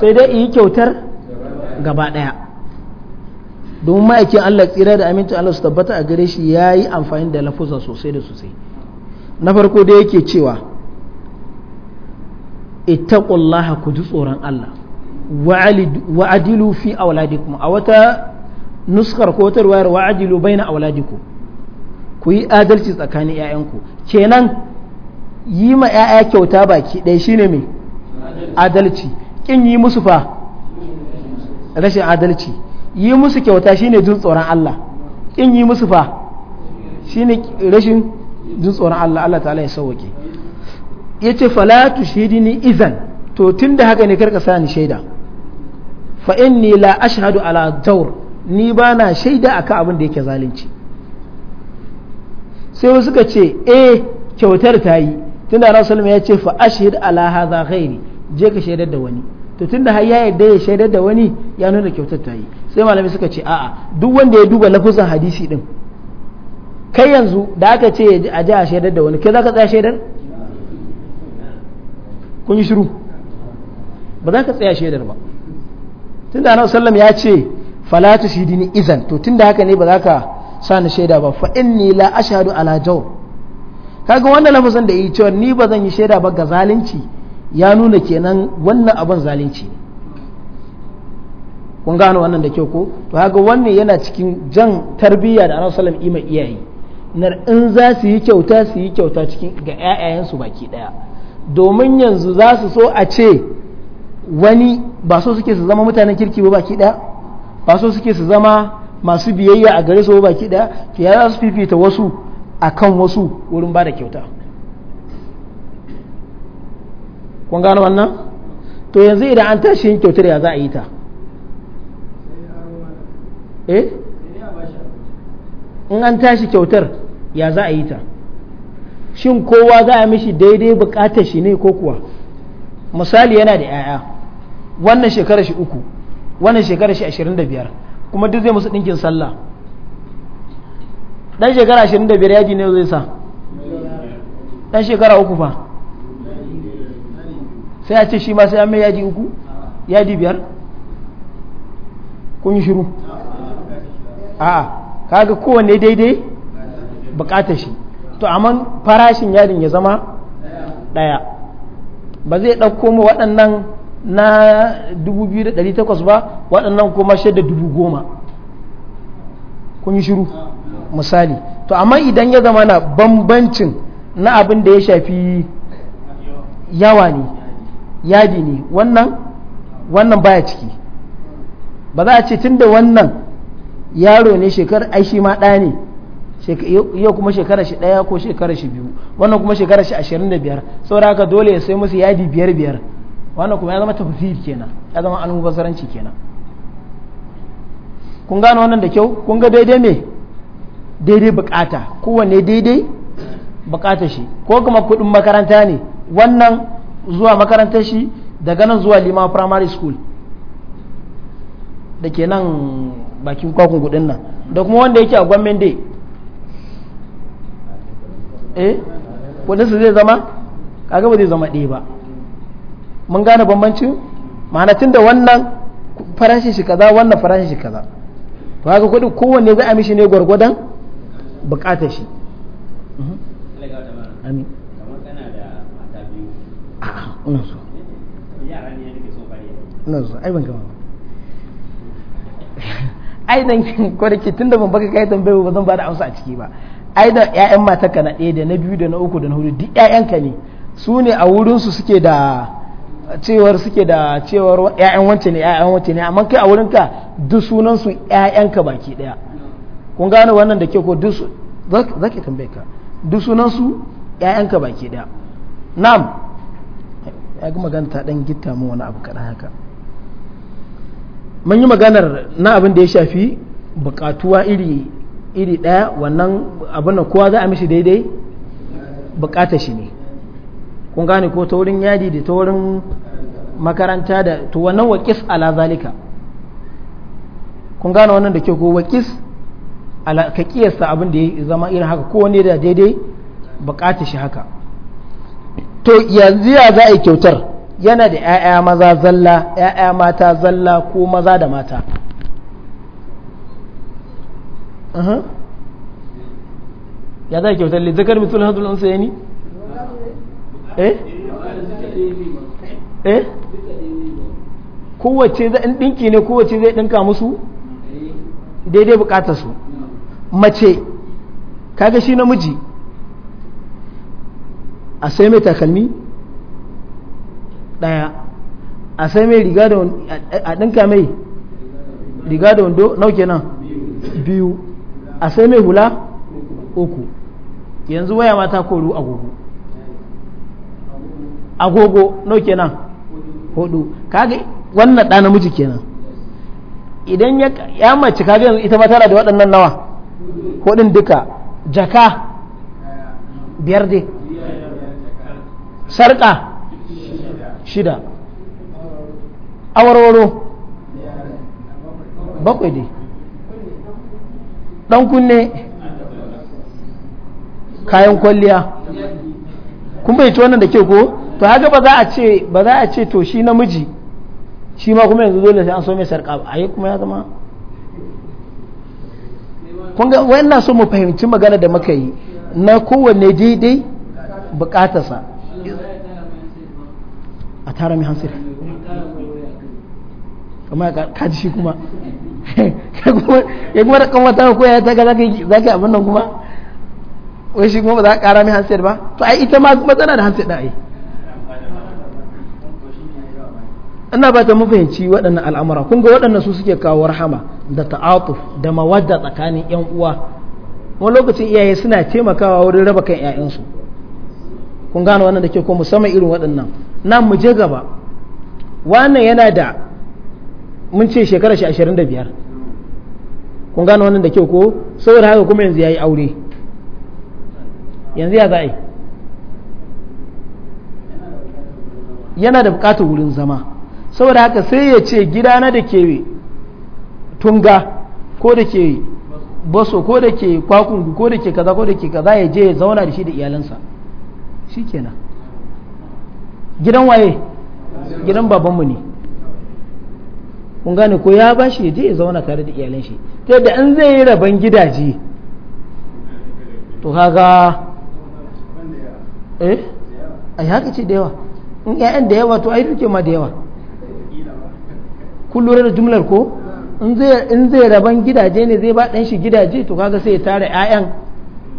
sai dai yi kyautar gaba ɗaya domin ma'aikin Allah tsira da amincin Allah su tabbata a gare shi ya yi amfani da lafuza sosai da sosai na farko da yake cewa ittaqullaha ku ji tsoron Allah wa'adilu fi auladikum a wata nuskar ko wata ruwayar wa'adilu baina auladikum ku yi adalci tsakanin 'ya'yanku kenan yi ma 'ya'ya kyauta baki ɗaya shine me. adalci kin yi musu fa rashin adalci yi musu kyauta shine jin tsoron Allah in yi musu fa shine rashin jin tsoron Allah Allah ta'ala ya ce yace fala ni izan to tun da haka ne karka sani shaida fa inni la ashhadu ala taur ni ba na shaida akan abin da yake zalunci sai wasu suka ce e kyautar ta yi tunda rasulullah ya ce fa ashhad ala hadha ghairi je ka shaidar da wani to tunda har ya yarda ya shaidar da wani ya nuna kyautar ta yi sai malamai suka ce a'a duk wanda ya duba lafuzan hadisi din kai yanzu da aka ce a ji a shaidar da wani kai za ka tsaya shaidar kun yi shiru ba za ka tsaya shaidar ba tunda annabi sallam ya ce fala tusidini izan to tunda haka ne ba za ka sa ni shaida ba fa inni la ashhadu ala jawr kaga wannan lafazan da yi cewa ni ba zan yi shaida ba ga zalunci ya nuna kenan wannan abin zalunci ne kun gano wannan da kyau ko to haka wannan yana cikin jan tarbiyya da annabi sallallahu alaihi iyaye na in za su yi kyauta su yi kyauta cikin ga ƴaƴayensu baki daya domin yanzu za su so a ce wani ba so suke su zama mutanen kirki ba baki daya ba so suke su zama masu biyayya a gare su ba baki daya to ya za su fifita wasu akan wasu wurin ba da kyauta kun gano wannan to yanzu idan an tashi yin kyautar ya za a yi ta eh in an tashi kyautar ya za a yi ta shin kowa za a mishi daidai bukatar shi ne ko kuwa misali yana da 'ya'ya wannan shekarar shi uku wannan shekarar shi ashirin da biyar kuma duk zai musu ɗinkin sallah ɗan shekara ashirin da biyar yaji ne zai sa ɗan shekara uku fa sai a ce shi ma sai an mai yadi uku yadi biyar kun yi shiru a'a kaga kowanne daidai bukatar shi to amma farashin yadin ya zama daya ba zai ɗauko mu waɗannan na 2,800 ba waɗannan kuma shaida 10,000 kun yi shiru misali to amma idan ya zama na bambancin na abin da ya shafi yawa ne yadi ne wannan wannan baya ciki ba za a ce tunda wannan yaro ne shekar ai shi ma ɗa ne yau kuma shekara shi ɗaya ko shekara shi biyu wannan kuma shekara shi ashirin da biyar saboda haka dole ya sai musu yadi biyar biyar wannan kuma ya zama tafsir kenan ya zama an basaranci kenan kun gano wannan da kyau kun ga daidai me daidai bukata kowanne daidai bukata shi ko kuma kuɗin makaranta ne wannan zuwa makarantar shi daga nan zuwa lima primary school da ke nan bakin kwakun kudin nan da kuma wanda yake a gwamnan day eh su zai zama kaga ba zai zama ɗaya ba mun gane bambancin ma'anacin da wannan farashin shi kaza wannan farashin shi kaza to haka kudin kowanne za a mishi ne gwargwadon bukatar shi mhm. amin ina so ina tun ai ban gama ai ko da ke tunda ban baka kai tambaye ba zan ba da amsa a ciki ba ai da ƴaƴan ka na ɗaya da na biyu da na uku da na hudu duk ka ne su ne a wurinsu suke da cewar suke da cewar ƴaƴan wance ne ƴaƴan wance ne amma kai a wurinka duk sunan su ka baki ɗaya kun gane wannan da ke ko duk zaki tambaye ka duk sunan su ƴaƴanka baki ɗaya na'am ga magana ta dan gitta mu wani abu kaɗan haka mun yi maganar na abin da ya shafi bukatuwa iri iri ɗaya wannan abin da kowa za a mishi daidai bukata shi ne kun gane ko ta wurin yadi da ta wurin makaranta da to wannan waƙis ala zalika kun gane wannan da ke ko waƙis ka kiyasta abin da ya zama irin haka kowane da daidai bukata shi haka to yanzu ya za a kyautar yana da 'ya'ya maza zalla 'ya'ya mata zalla ko maza da mata ya za a kyautar le zakar mitul hadul sai ni? eh eh kowace zai ɗinki ne kowace zai ɗinka musu daidai bukatarsu su mace kaga shi namiji a sai mai takalmi ɗaya a sai mai riga da a ɗinka mai riga da wando nau kenan biyu a sai mai hula uku yanzu waya mata koru agogo agogo nau kenan hudu kaga wannan ɗa namiji kenan idan ya mace kaga yanzu ita ma tana da waɗannan nawa hudun duka jaka biyar dai sarƙa shida awarwaro bakwai dai ɗan kunne kayan kwalliya kun bai wannan da ke ko to haka ba za a ce ba za a ce to shi namiji shi ma kuma yanzu dole sai an so mai sarƙa a yi kuma ya zama kunga wayan na so mu fahimci magana da muka yi na kowanne daidai bukatarsa a tara mai hansir kuma ya kaji shi kuma ya kuma da kamata ko ya taga za ka abin nan kuma wai shi kuma ba za ka kara mai hansir ba to ai ita ma kuma tana da hansir da ai ina ba ta mafahimci waɗannan al'amura kun ga waɗannan su suke kawo rahama da ta'atuf da mawadda tsakanin 'yan uwa wani lokacin iyaye suna taimakawa wurin raba kan 'ya'yansu kun gane wannan da ke ko musamman irin waɗannan na mu je gaba wannan yana da mun ce shekara shi ashirin da biyar kun gane wannan da ke ko saboda haka kuma yanzu ya yi aure yanzu ya za'a yana da bukatar wurin zama saboda haka sai ya ce gidana da ke tunga ko da ke baso ko da ke kwakungu ko da ke kaza ko da ke kaza ya je ya zauna da shi da iyalansa shikenan gidan waye gidan babanmu ne kun gane ko ya bashi ya je ya zauna tare da iyalin shi ta yadda an zai yi rabon gidaje to kaga eh yi haka ce da yawa in ƴaƴan da yawa to ai duke ma da yawa kun lura da jumlar ko in zai rabon gidaje ne zai ba ɗan shi gidaje to kaga sai ya tara ƴaƴan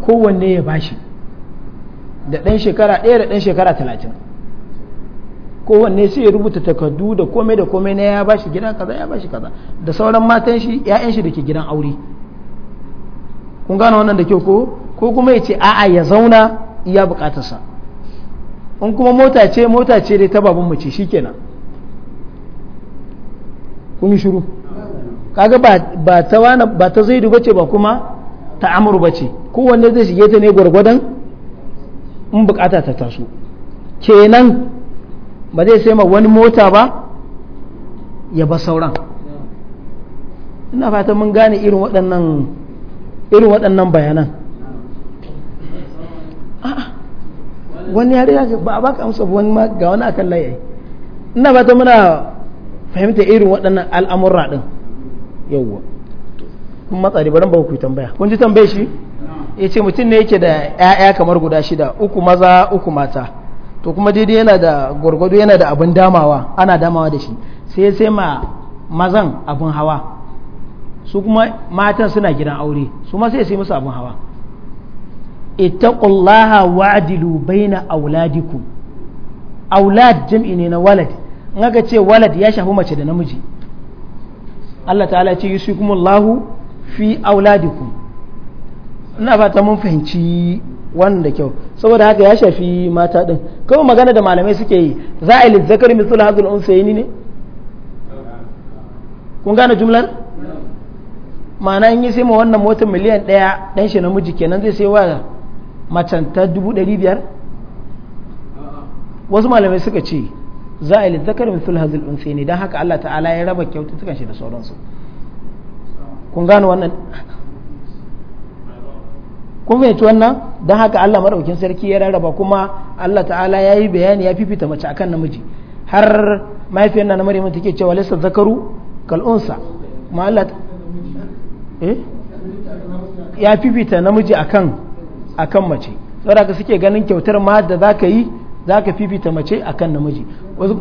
kowanne ya bashi da ɗan shekara ɗaya da ɗan shekara talatin kowanne sai ya rubuta takardu da komai da komai na ya bashi gida kaza ya bashi kaza da sauran matan shi ya'yan shi ke gidan aure kun gane wannan da kyau ko ko kuma ya ce a'a ya zauna iya bukatarsa in kuma mota ce mota ce dai ta baban mace shikenan kun yi shiru kaga ba ta wani ba ta zaidu bace ba kuma ta amur bace kowanne zai shige ta ne gwargwadon in bukata ta taso kenan ba zai sai ma wani mota ba ya ba sauran ina fatan mun gane irin waɗannan irin waɗannan bayanan wani yare ya ba a baka amsa wani ma ga wani akan layi ina fatan muna fahimta irin waɗannan al'amurra ɗin yawwa kun matsari ba baran ba ku tambaya kun ji tambaye shi ya ce mutum ne yake da 'ya'ya kamar guda shida uku maza uku mata to kuma daidai yana da gwargwado yana da abin damawa ana damawa da shi sai sai ma mazan abin hawa su kuma matan suna gidan aure su ma sai sai musu abin hawa ittaqullaha wa'dilu baina auladikum aulad jam'i ne na walad in ce walad ya shafi mace da namiji Allah ta'ala ya ce yusikumullahu fi auladiku. ina fata mun fahimci wannan da kyau saboda haka ya shafi mata din kuma magana da malamai suke yi za a yi lizzakar misul hazul unsayni ne kun gane jumlar ma'ana in yi sai ma wannan motar miliyan ɗaya ɗan shi namiji kenan zai sai wa macen ta dubu ɗari biyar wasu malamai suka ce za a yi lizzakar misul hazul unsayni don haka Allah ta'ala ya raba kyaututtukan shi da sauransu kun gane wannan kun fahimci wannan don haka Allah maɗaukin sarki ya rarraba kuma Allah ta'ala ya yi bayani ya fifita mace akan namiji har mahaifiyar na Maryam take cewa lissa zakaru kalunsa ma Allah ta eh? ya fifita namiji akan akan mace saboda suke ganin kyautar ma da zaka yi zaka fifita mace akan namiji wasu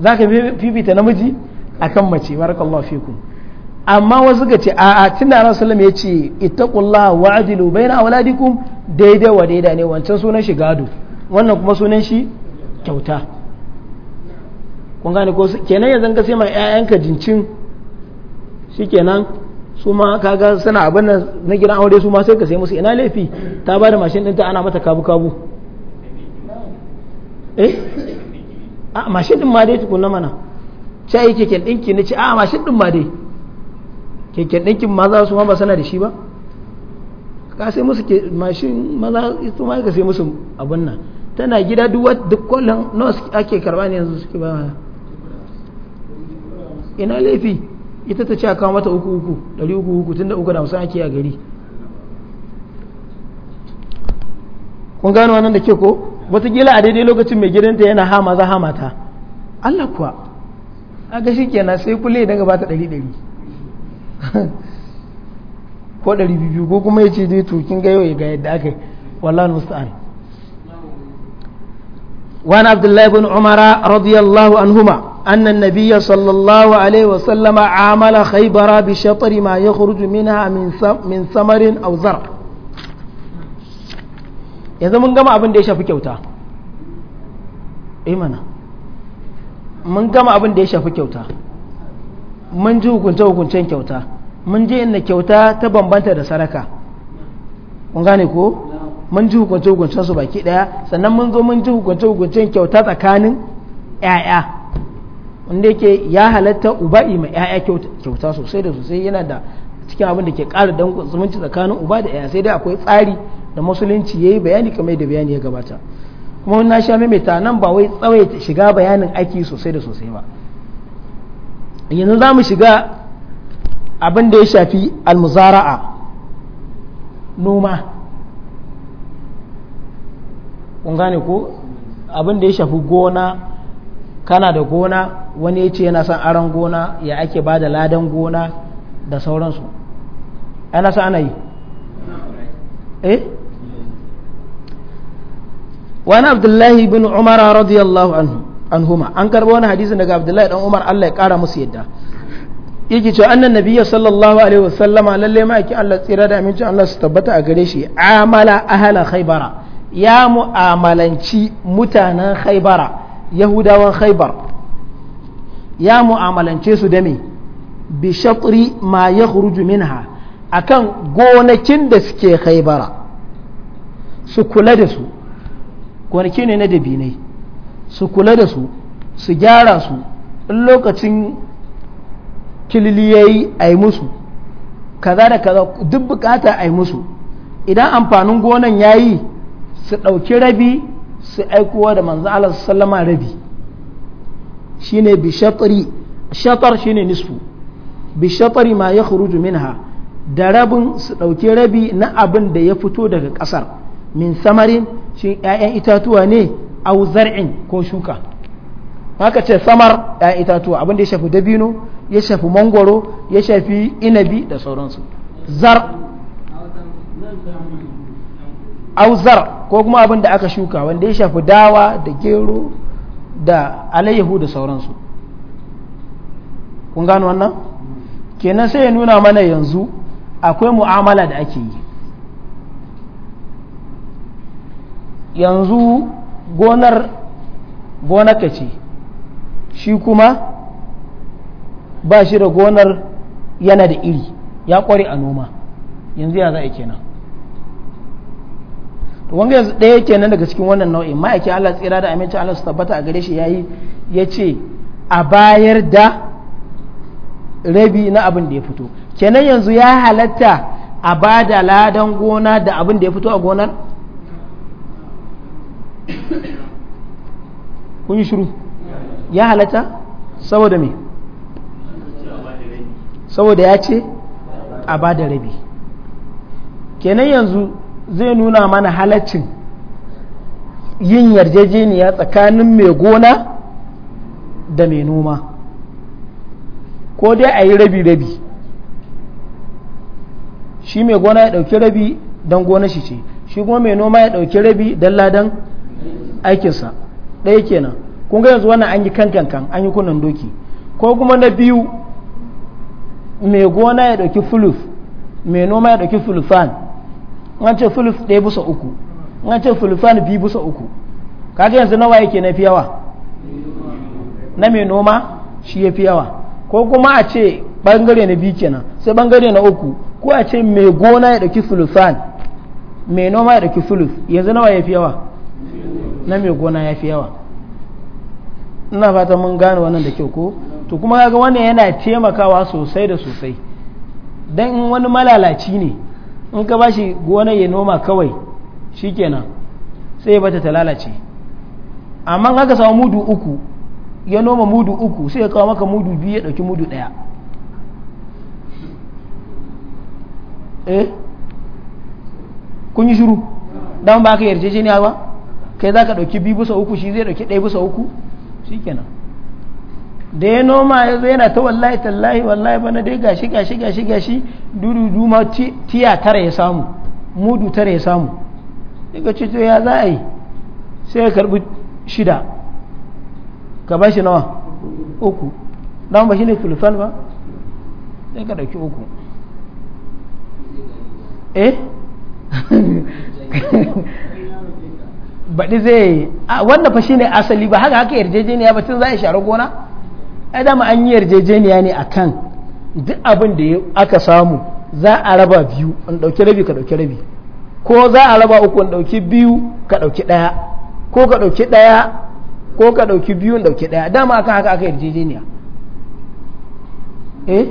zaka fifita namiji akan mace barakallahu fikum amma wasu ga ce a'a tunda Annabi sallallahu ya ce bai na baina awladikum daidai wa daidai ne wancan sunan shi gado wannan kuma sunan shi kyauta kun gane ko kenan yanzu ka sai ma ƴaƴanka jincin shikenan su ma kaga suna abin na gidan aure su ma sai ka sai musu ina laifi ta ba da mashin ɗinta ana mata kabu kabu eh a mashin din ma dai tukunna mana sai yake ɗinki na ce a mashin din ma dai keken ɗinkin maza su ma ba sana da shi ba ka sai musu ke mashin maza su ma ka sai musu abun nan tana gida duk kwallon nawa ake karba ne yanzu suke ba ina laifi ita ta ce a kawo mata uku uku ɗari uku uku tun da uku da hamsin ake a gari kun gano wannan da ke ko watakila a daidai lokacin mai gidanta yana hama za hama ta Allah kuwa a gashi kenan sai kule daga bata ɗari ɗari ko ɗari biyu ko kuma ya ce dai to kin ga yau ga yadda aka yi wallahi musta'an وعن عبد الله بن عمر رضي الله عنهما أن النبي صلى الله عليه وسلم عامل خيبر بشطر ما يخرج منها من ثمر أو زرع yanzu mun gama abin da ya shafi kyauta imana eh mun gama abin da ya shafi kyauta mun ji hukunce hukuncen kyauta mun je inda kyauta ta bambanta da saraka kun gane ko mun ji hukunce hukuncen su baki daya sannan mun zo mun ji hukunce hukuncen kyauta tsakanin yaya wanda yake ya halatta uba'i mai yaya kyauta sosai da sosai yana da cikin abin da ke ƙara danƙon zumunci tsakanin uba da yaya sai dai akwai tsari da musulunci ya yi bayani kamar da bayani ya gabata kuma na sha maimaita nan ba wai tsawaita shiga bayanin aiki sosai da sosai ba yanzu za mu shiga abin da ya shafi almuzara'a noma kun gane ko abin da ya shafi gona kana da gona wani ya ce yana son aron gona ya ake ba da ladan gona da sauransu ana sa ana yi eh wani abdullahi bin umara radiyallahu anhu an huma an karbo wani hadisin daga abdullahi dan umar Allah ya kara musu yadda yake cewa annan nabiyya sallallahu alaihi wasallama lalle ma yake Allah tsira da aminci Allah su tabbata a gare shi amala ahla khaybara ya mu'amalanci mutanen khaybara yahudawan khaybar ya mu'amalance su da me bi shatri ma yakhruju minha akan gonakin da suke khaybara su kula da su gonaki ne na dabinai su kula da su su gyara su in lokacin kilili ya yi a yi musu kaza da kaza duk bukata a yi musu idan amfanin gonan ya yi su ɗauki rabi su aikowa da manzan Allah sallama rabi shi ne bishatari shatar ne nisfu bishatari ma ya khuruju minha da rabin su ɗauki rabi na abin da ya fito daga ƙasar min samarin shi ‘ya'yan itatuwa ne au zar'in ko shuka haka ce samar ya itatuwa abin da ya shafi dabino ya shafi mangoro ya shafi inabi da sauransu zar au zar ko kuma abin da aka shuka wanda ya shafi dawa da gero da alayyahu da sauransu kun gano wannan kenan sai ya nuna mana yanzu akwai mu'amala da ake yi yanzu gonar gonaka ce shi kuma ba shi da gonar yana da iri ya kware a noma yanzu ya za a kenan to wanga yanzu ɗaya kenan daga cikin wannan nau'in ma'aikin Allah tsira da amince Allah su tabbata a gare shi yayi ya ce a bayar da rabi na abin da ya fito kenan yanzu ya halatta a bada ladan gona da abin da ya fito a gonar kun yi shiru ya halatta saboda me saboda ya ce a ba da rabi kenan yanzu zai nuna mana halaccin yin yarjejeniya tsakanin mai gona da mai noma ko dai a yi rabi-rabi shi mai gona ya ɗauki rabi don gona shi ce shi kuma mai noma ya ɗauki rabi don ladan aikinsa ɗaya kenan kun ga yanzu wannan an yi kankan kan an yi kunan doki ko kuma na biyu mai gona ya ɗauki fuluf mai noma ya ɗauki fulufan an ce fuluf ɗaya bisa uku an ce fulufan biyu bisa uku kaga yanzu nawa yake na fi yawa na mai noma shi ya fi yawa ko kuma a ce bangare na biyu kenan sai bangare na uku ko a ce mai gona ya ɗauki fulufan mai noma ya ɗauki fuluf yanzu nawa ya fi yawa na mai gona ya fi yawa ina fata mun gane wannan da kyau ko to kuma kaga wannan yana taimakawa sosai da sosai dan in wani malalaci ne in ka bashi gona ya noma kawai shikenan sai ya bata ta lalace amma haka samu mudu uku ya noma mudu uku sai ya kawo maka mudu biyu ya dauki mudu daya eh kun yi shiru dan ba ka yarjejeniya ba kai za ka ɗauki biyu bisa uku shi zai ɗauki ɗaya bisa uku shi kenan da ya noma ya zo yana ta wallahi tallahi wallahi bana dai gashi gashi gashi gashi dudu ma tiya tara ya samu mudu tara ya samu daga ce ya za a yi sai ya karbi shida ka ba shi nawa uku dan ba shi ne tulfan ba sai ka ɗauki uku eh baɗi zai wanda fa shine asali ba haka haka yarjejeniya ba tun za a share gona ai dama an yi yarjejeniya ne akan duk abin da aka samu za a raba biyu in ɗauki rabi ka ɗauki rabi ko za a raba uku in ɗauki biyu ka ɗauki ɗaya ko ka ɗauki ɗaya ko ka ɗauki biyu in ɗauki ɗaya dama akan haka aka yarjejeniya eh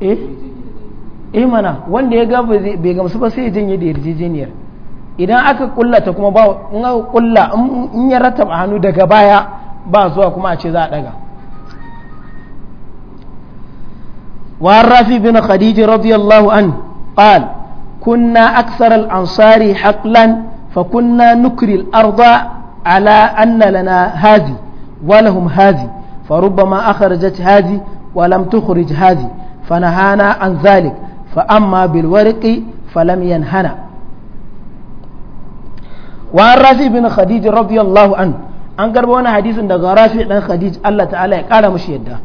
eh eh mana wanda ya ga bai gamsu ba sai ya janye da yarjejeniyar idan aka kullata kuma ba in aka kulla in ya rattaba hannu daga baya ba zuwa kuma a ce za a daga wa rafi bin khadija radiyallahu an qal kunna aksar al ansari haqlan fa kunna nukri al arda ala anna lana hazi wa lahum hadi فربما أخرجت fa ولم تخرج هذه fa amma bil فأما fa فلم hana. wa rafi bin khadija radiyallahu an an garba wani hadisin daga rafi dan khadija Allah ta'ala ya kara mushi yadda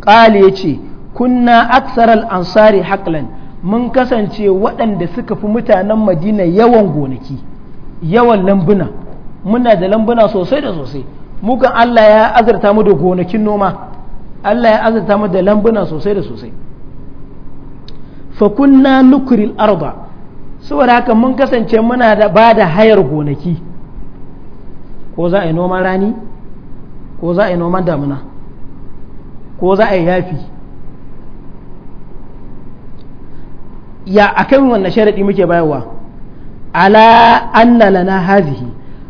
qali yace kunna aksaral ansari haqlan mun kasance waɗanda suka fi mutanen madina yawan gonaki yawan lambuna muna da lambuna sosai da sosai mukan Allah ya azurta mu da gonakin noma Allah ya azurta mu da lambuna sosai da sosai fa kunna nukril arda saboda haka mun kasance muna da ba da hayar gonaki ko za a yi noman rani ko za a yi noman damuna ko za a yi yafi ya akan wannan sharaɗi muke bayarwa ala anna lana hazihi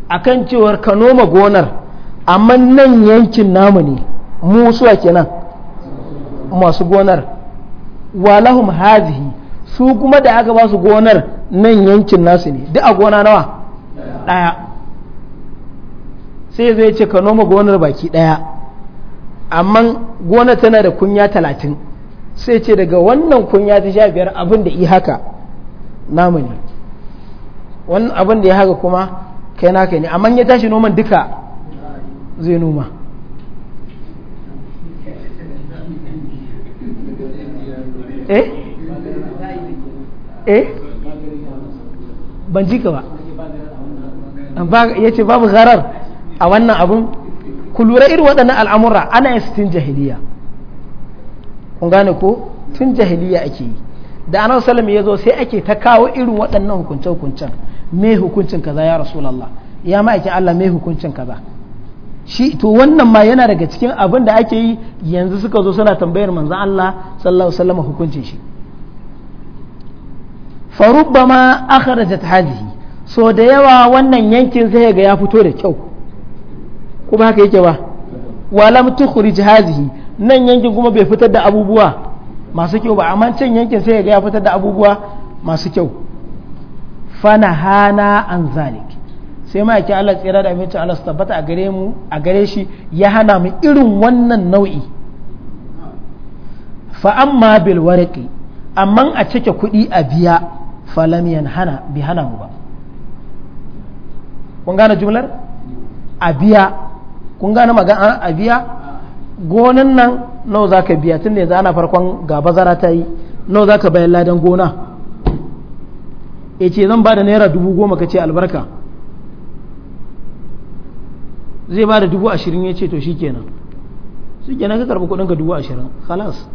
akan cewar ka noma gonar amma nan yankin namu ne mu kenan masu gonar walahum hazihi su kuma da aka ba su gonar nan yankin nasu ne duk a gona nawa ɗaya sai zai ce ka noma gonar baki ɗaya amma gona tana da kunya talatin sai ce daga wannan kunya ta sha biyar abin da i haka namu ne wannan abin da ya haka kuma kai naka ne amma ya tashi noman duka zai noma eh eh ban ji ka ba ya ce babu gharar a wannan abun ku lura irin waɗannan al'amura ana yin tun jahiliya kun gane ko tun jahiliya ake yi da anan salam ya zo sai ake ta kawo irin waɗannan hukunce hukuncen me hukuncin kaza ya rasu Allah ya ma'aikin allah me hukuncin kaza shi to wannan ma yana daga cikin abin da ake yi yanzu suka zo suna tambayar manzan allah sallallahu alaihi wasallam hukuncin shi ma farubbama ta hajji so da yawa wannan yankin zai ga ya fito da kyau ba haka yake ba walam tukhrij hadhihi nan yankin kuma bai fitar da abubuwa masu kyau ba amma can yankin sai ga ya fitar da abubuwa masu kyau fana hana an zalik sai ma yake Allah tsira da aminci Allah su tabbata a gare mu a gare shi ya hana mu irin wannan nau'i fa amma bil warqi amma a cike kuɗi a biya falamiyan hana bi hana mu ba kun gane jumlar a biya kun gane magana a biya gonan nan nawa za ka biya tun ne za ana farkon ga bazara ta yi nawa za ka bayan ladan gona ya ce zan ba da naira dubu goma ka ce albarka zai ba da dubu ashirin ya ce to shi kenan su kenan ka karɓi kuɗinka dubu ashirin halas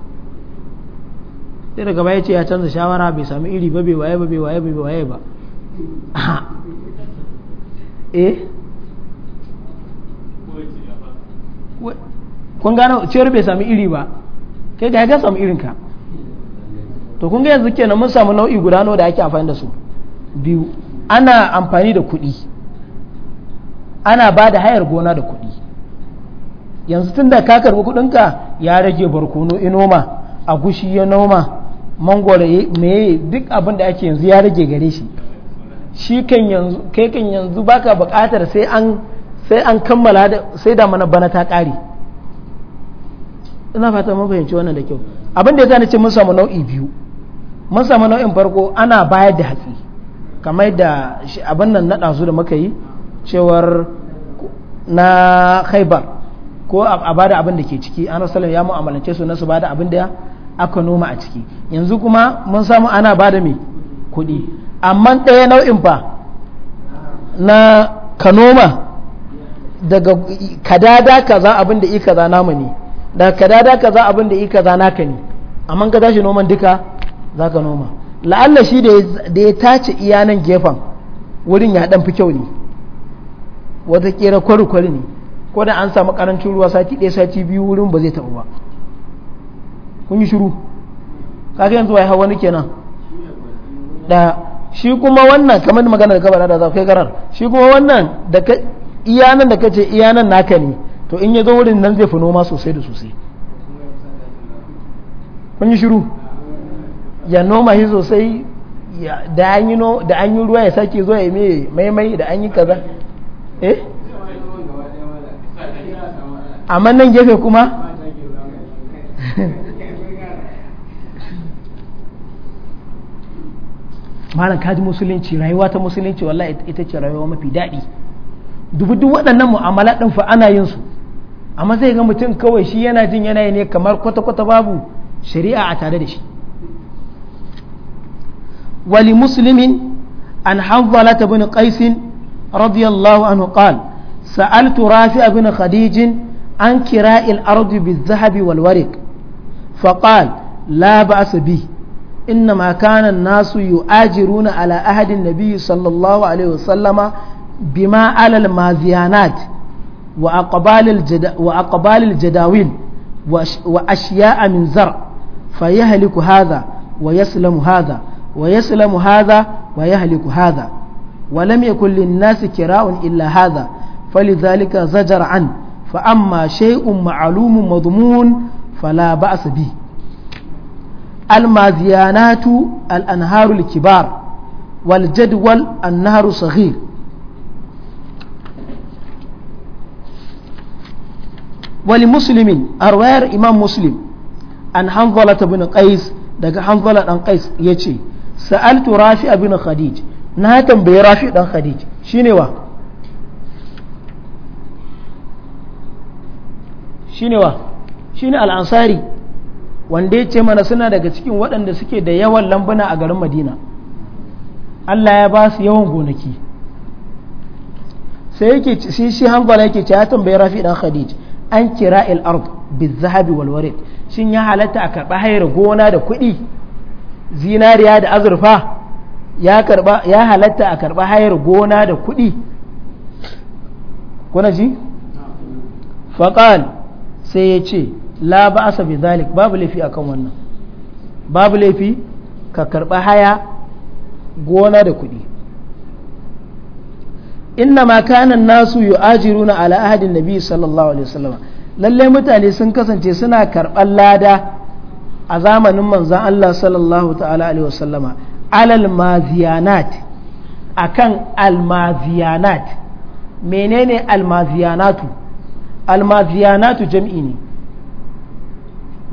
sai daga baya ce ya canza shawara bai sami iri ba bai waye ba bai waye ba bai waye ba eh kun gano cewar bai sami iri ba kai ga ya sami irinka to kun ga yanzu kenan mun samu nau'i guda nawa da ake amfani da su biyu ana amfani da kuɗi ana ba da hayar gona da kuɗi yanzu tun da ka karbi kuɗinka ya rage barkono inoma a gushi ya noma mangoro mai duk abin da ake yanzu ya rage gare shi shi kan yanzu kai kan yanzu baka buƙatar sai an sai an kammala da sai da mana bana ta kare ina fata mun fahimci wannan da kyau abin da ya tana ce mun samu nau'i biyu mun samu nau'in farko ana bayar da hatsi kamar da abin nan na dazu da muka yi cewar na khaibar ko a bada abin da ke ciki ana ya mu'amalance su na su bada abin da aka noma a ciki yanzu kuma mun samu ana ba da mai kuɗi amma ɗaya nau'in fa na ka noma daga kadada za abin da ika za namu ne daga kadada za abin da ika za naka ne amma ka tashi noman duka za ka noma la'alla shi da ya tace iya nan gefen wurin ya ɗan fi kyau ne wata kera kwarukwari ne ko da an samu karancin ruwa sati ɗaya sati biyu wurin ba zai taɓa ba kun yi shiru kaga yanzu wai hawa kenan da shi kuma wannan kamar magana da ka faɗa da za ku kai karar shi kuma wannan da ka iyanan da kace iyanan naka ne to in ya zo wurin nan zai fi noma sosai da sosai kun yi shiru ya noma shi sosai da an yi da an yi ruwa ya sake zuwa ya mai maimai da an yi kaza eh amma nan gefe kuma malam kaji musulunci rayuwa ta musulunci wallahi ita ce rayuwa mafi daɗi dubu duk waɗannan mu'amala ɗin fa ana yin su amma zai ga mutum kawai shi yana jin yanayi ne kamar kwata-kwata babu shari'a a tare da shi wali muslimin an hanzala ta bin qaisin radiyallahu anhu qal sa'altu rafi'a bin khadijin an kira'il ardi bi zahabi wal warik fa qal la ba'sa bihi إنما كان الناس يؤاجرون على أحد النبي صلى الله عليه وسلم بما على الماذيانات وأقبال, الجدا وأقبال الجداول وأشياء من زرع فيهلك هذا ويسلم هذا ويسلم هذا ويهلك هذا ولم يكن للناس كراء إلا هذا فلذلك زجر عنه فأما شيء معلوم مضمون فلا بأس به almaziyanatu al’anharul kibar wal jadwal annaharu sahir wali musulmin arwayar rawayar imam muslim an hanzola bin ƙais daga hanzola ɗan ƙais ya ce sa’altu rafi abin khadij na tambayi rafi ɗan khadij shi ne wa shi ne al’ansari wanda ya ce mana suna daga cikin waɗanda suke da yawan lambuna a garin madina allah ya ba su yawan gonaki sai yake shi shi hangwala yake ce ya tambayi rafi dan khadij an kira il ard bizahabi wal warid shin ya halatta a karɓa hayar gona da kuɗi zinariya da azurfa ya ya halatta a karɓa hayar gona da kuɗi kuna ji faqal sai ya ce la ba'asa bi zalik babu laifi kan wannan babu laifi ka karba haya gona da kuɗi inna makanan nasu yu'ajiruna ala ahadin nabi sallallahu alaihi wasallam mutane sun kasance suna karɓar lada a zamanin manzan Allah sallallahu ta'ala alaihi wasallama alal maziyanat akan almaziyanat menene almaziyanatu almaziyanatu jam'i ne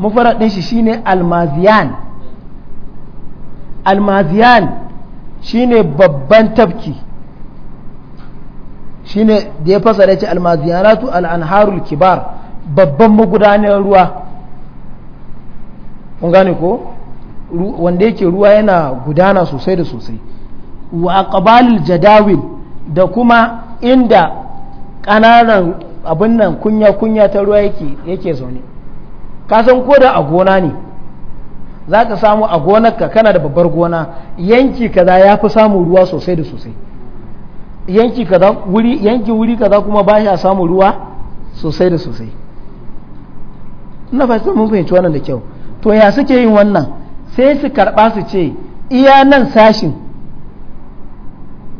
Mufarar ɗin shi shine almaziyan almaziyan shine babban tafki shine da ya fasa fasara ce almaziyanatu al'anharul kibar babban magudanar ruwa kun gane ko wanda yake ruwa yana gudana sosai da sosai wa aqbalul jadawil da kuma inda ƙananan abin nan kunya-kunya ta ruwa yake zaune ka san ko da a gona ne za ka samu a gonarka kana da babbar gona yanki kaza ya fi samun ruwa sosai da sosai yanki kaza wuri yanki wuri kaza kuma ba ya samun ruwa sosai da sosai ina fatan mun fahimci wannan da kyau to ya suke yin wannan sai su karɓa su ce iya nan sashin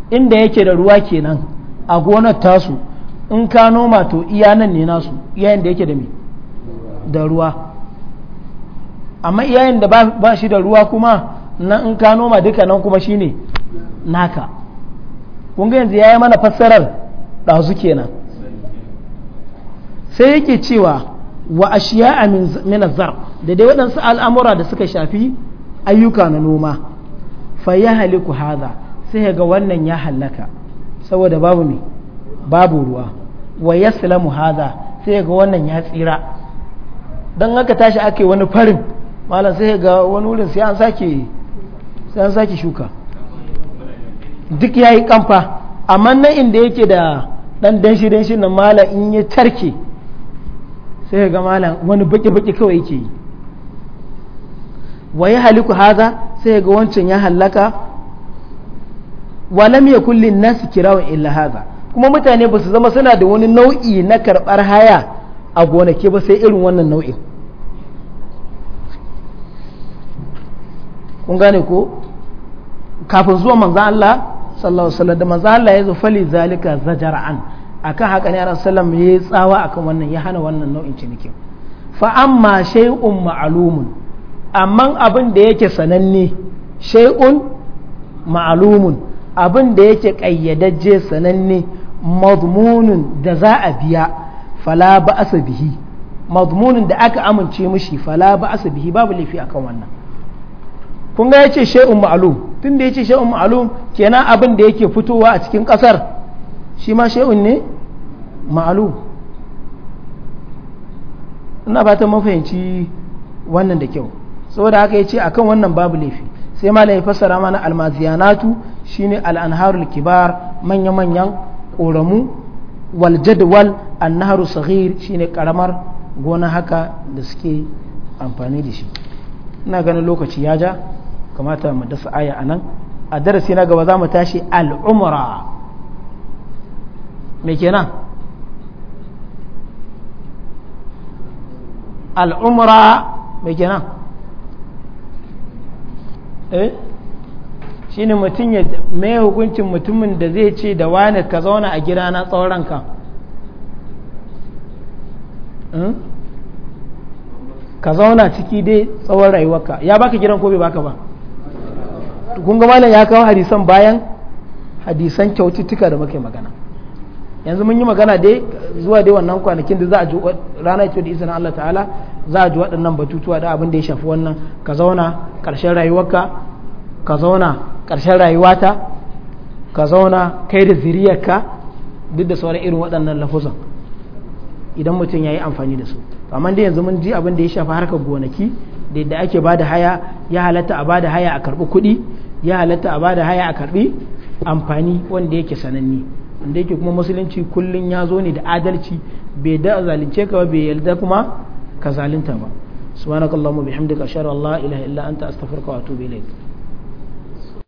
inda yake da ruwa kenan a gonar tasu in ka noma to iya nan ne nasu iya da yake da me da ruwa amma yayin da ba shi da ruwa kuma na in ka noma duka nan kuma shine naka kun ga yanzu yayi mana fassarar ɗazu kenan sai yake cewa wa ashiya min azar da dai waɗansu al'amura da suka shafi ayyuka na noma fa ya haliku haza sai ga wannan ya hallaka saboda babu ne babu ruwa wa ya silamu haza sai ga wannan ya tsira don haka tashi ake wani farin malam sai ga wani wurin sai an sake sai shuka duk ya yi kamfa amma nan inda yake da dan danshi danshi na malam in ya tarke sai ga malam wani baki baki kawai yake yi wa ya haliku haza sai ga wancan ya hallaka wa ya kullin nasu nasi kirawun illa haza kuma mutane ba su zama suna da wani nau'i na karɓar haya a gonaki ba sai irin wannan nau'in kun gane ko kafin zuwa manzan Allah sallallahu alaihi wasallam da manzan Allah ya zo fali zalika zajara'an akan haka ne Allah sallam ya yi tsawa akan wannan ya hana wannan nau'in ciniki fa amma shay'un ma'lumun amma abin da yake sananne shay'un ma'lumun abin da yake kayyadajje sananne madmunun da za a biya fala ba'asa bihi mazmunin da aka amince mishi fala ba'asa bihi babu laifi akan wannan kun ga yace shehu ma'lum tun da yace shehu ma'lum kenan abin da yake fitowa a cikin kasar shi ma shehu ne ma'lum ina fatan mun fahimci wannan da kyau saboda haka ya yace akan wannan babu laifi sai malam ya fassara mana almaziyanatu shine al-anharul kibar manya-manyan ƙoramu wal annaharu saghir shine karamar gona haka da suke amfani da shi ina ganin lokaci ya ja kamata mu dasa aya anan a darasi na gaba za mu tashi al'umra me kenan al'umra me kenan eh shine mutum ya mai hukuncin mutumin da zai ce da wani ka zauna a gidana tsawon ranka Hmm? ka zauna ciki dai tsawon rayuwarka ya baka gidan ko bai baka ba kun ga malam ya kawo hadisan bayan hadisan kyaututtuka da muke magana yanzu mun yi magana dai zuwa dai wannan kwanakin da za a ji ranar kyau da izinin Allah ta'ala za a ji waɗannan batutuwa da abin da ya shafi wannan ka zauna ƙarshen rayuwarka ka zauna ƙarshen rayuwata ka zauna kai da ziriyarka duk da sauran irin waɗannan lafuzan idan mutum ya yi amfani da su amma dai yanzu mun ji abin da ya shafa harkar gonaki da yadda ake ba da haya ya halatta a ba da haya a karbi kuɗi ya halatta a ba da haya a karbi amfani wanda yake sananni wanda yake kuma musulunci kullum ya zo ne da adalci bai da zalunce ka ba bai yarda kuma ka zalunta ba subhanakallahumma bihamdika ashhadu an la ilaha illa anta astaghfiruka wa atubu ilaik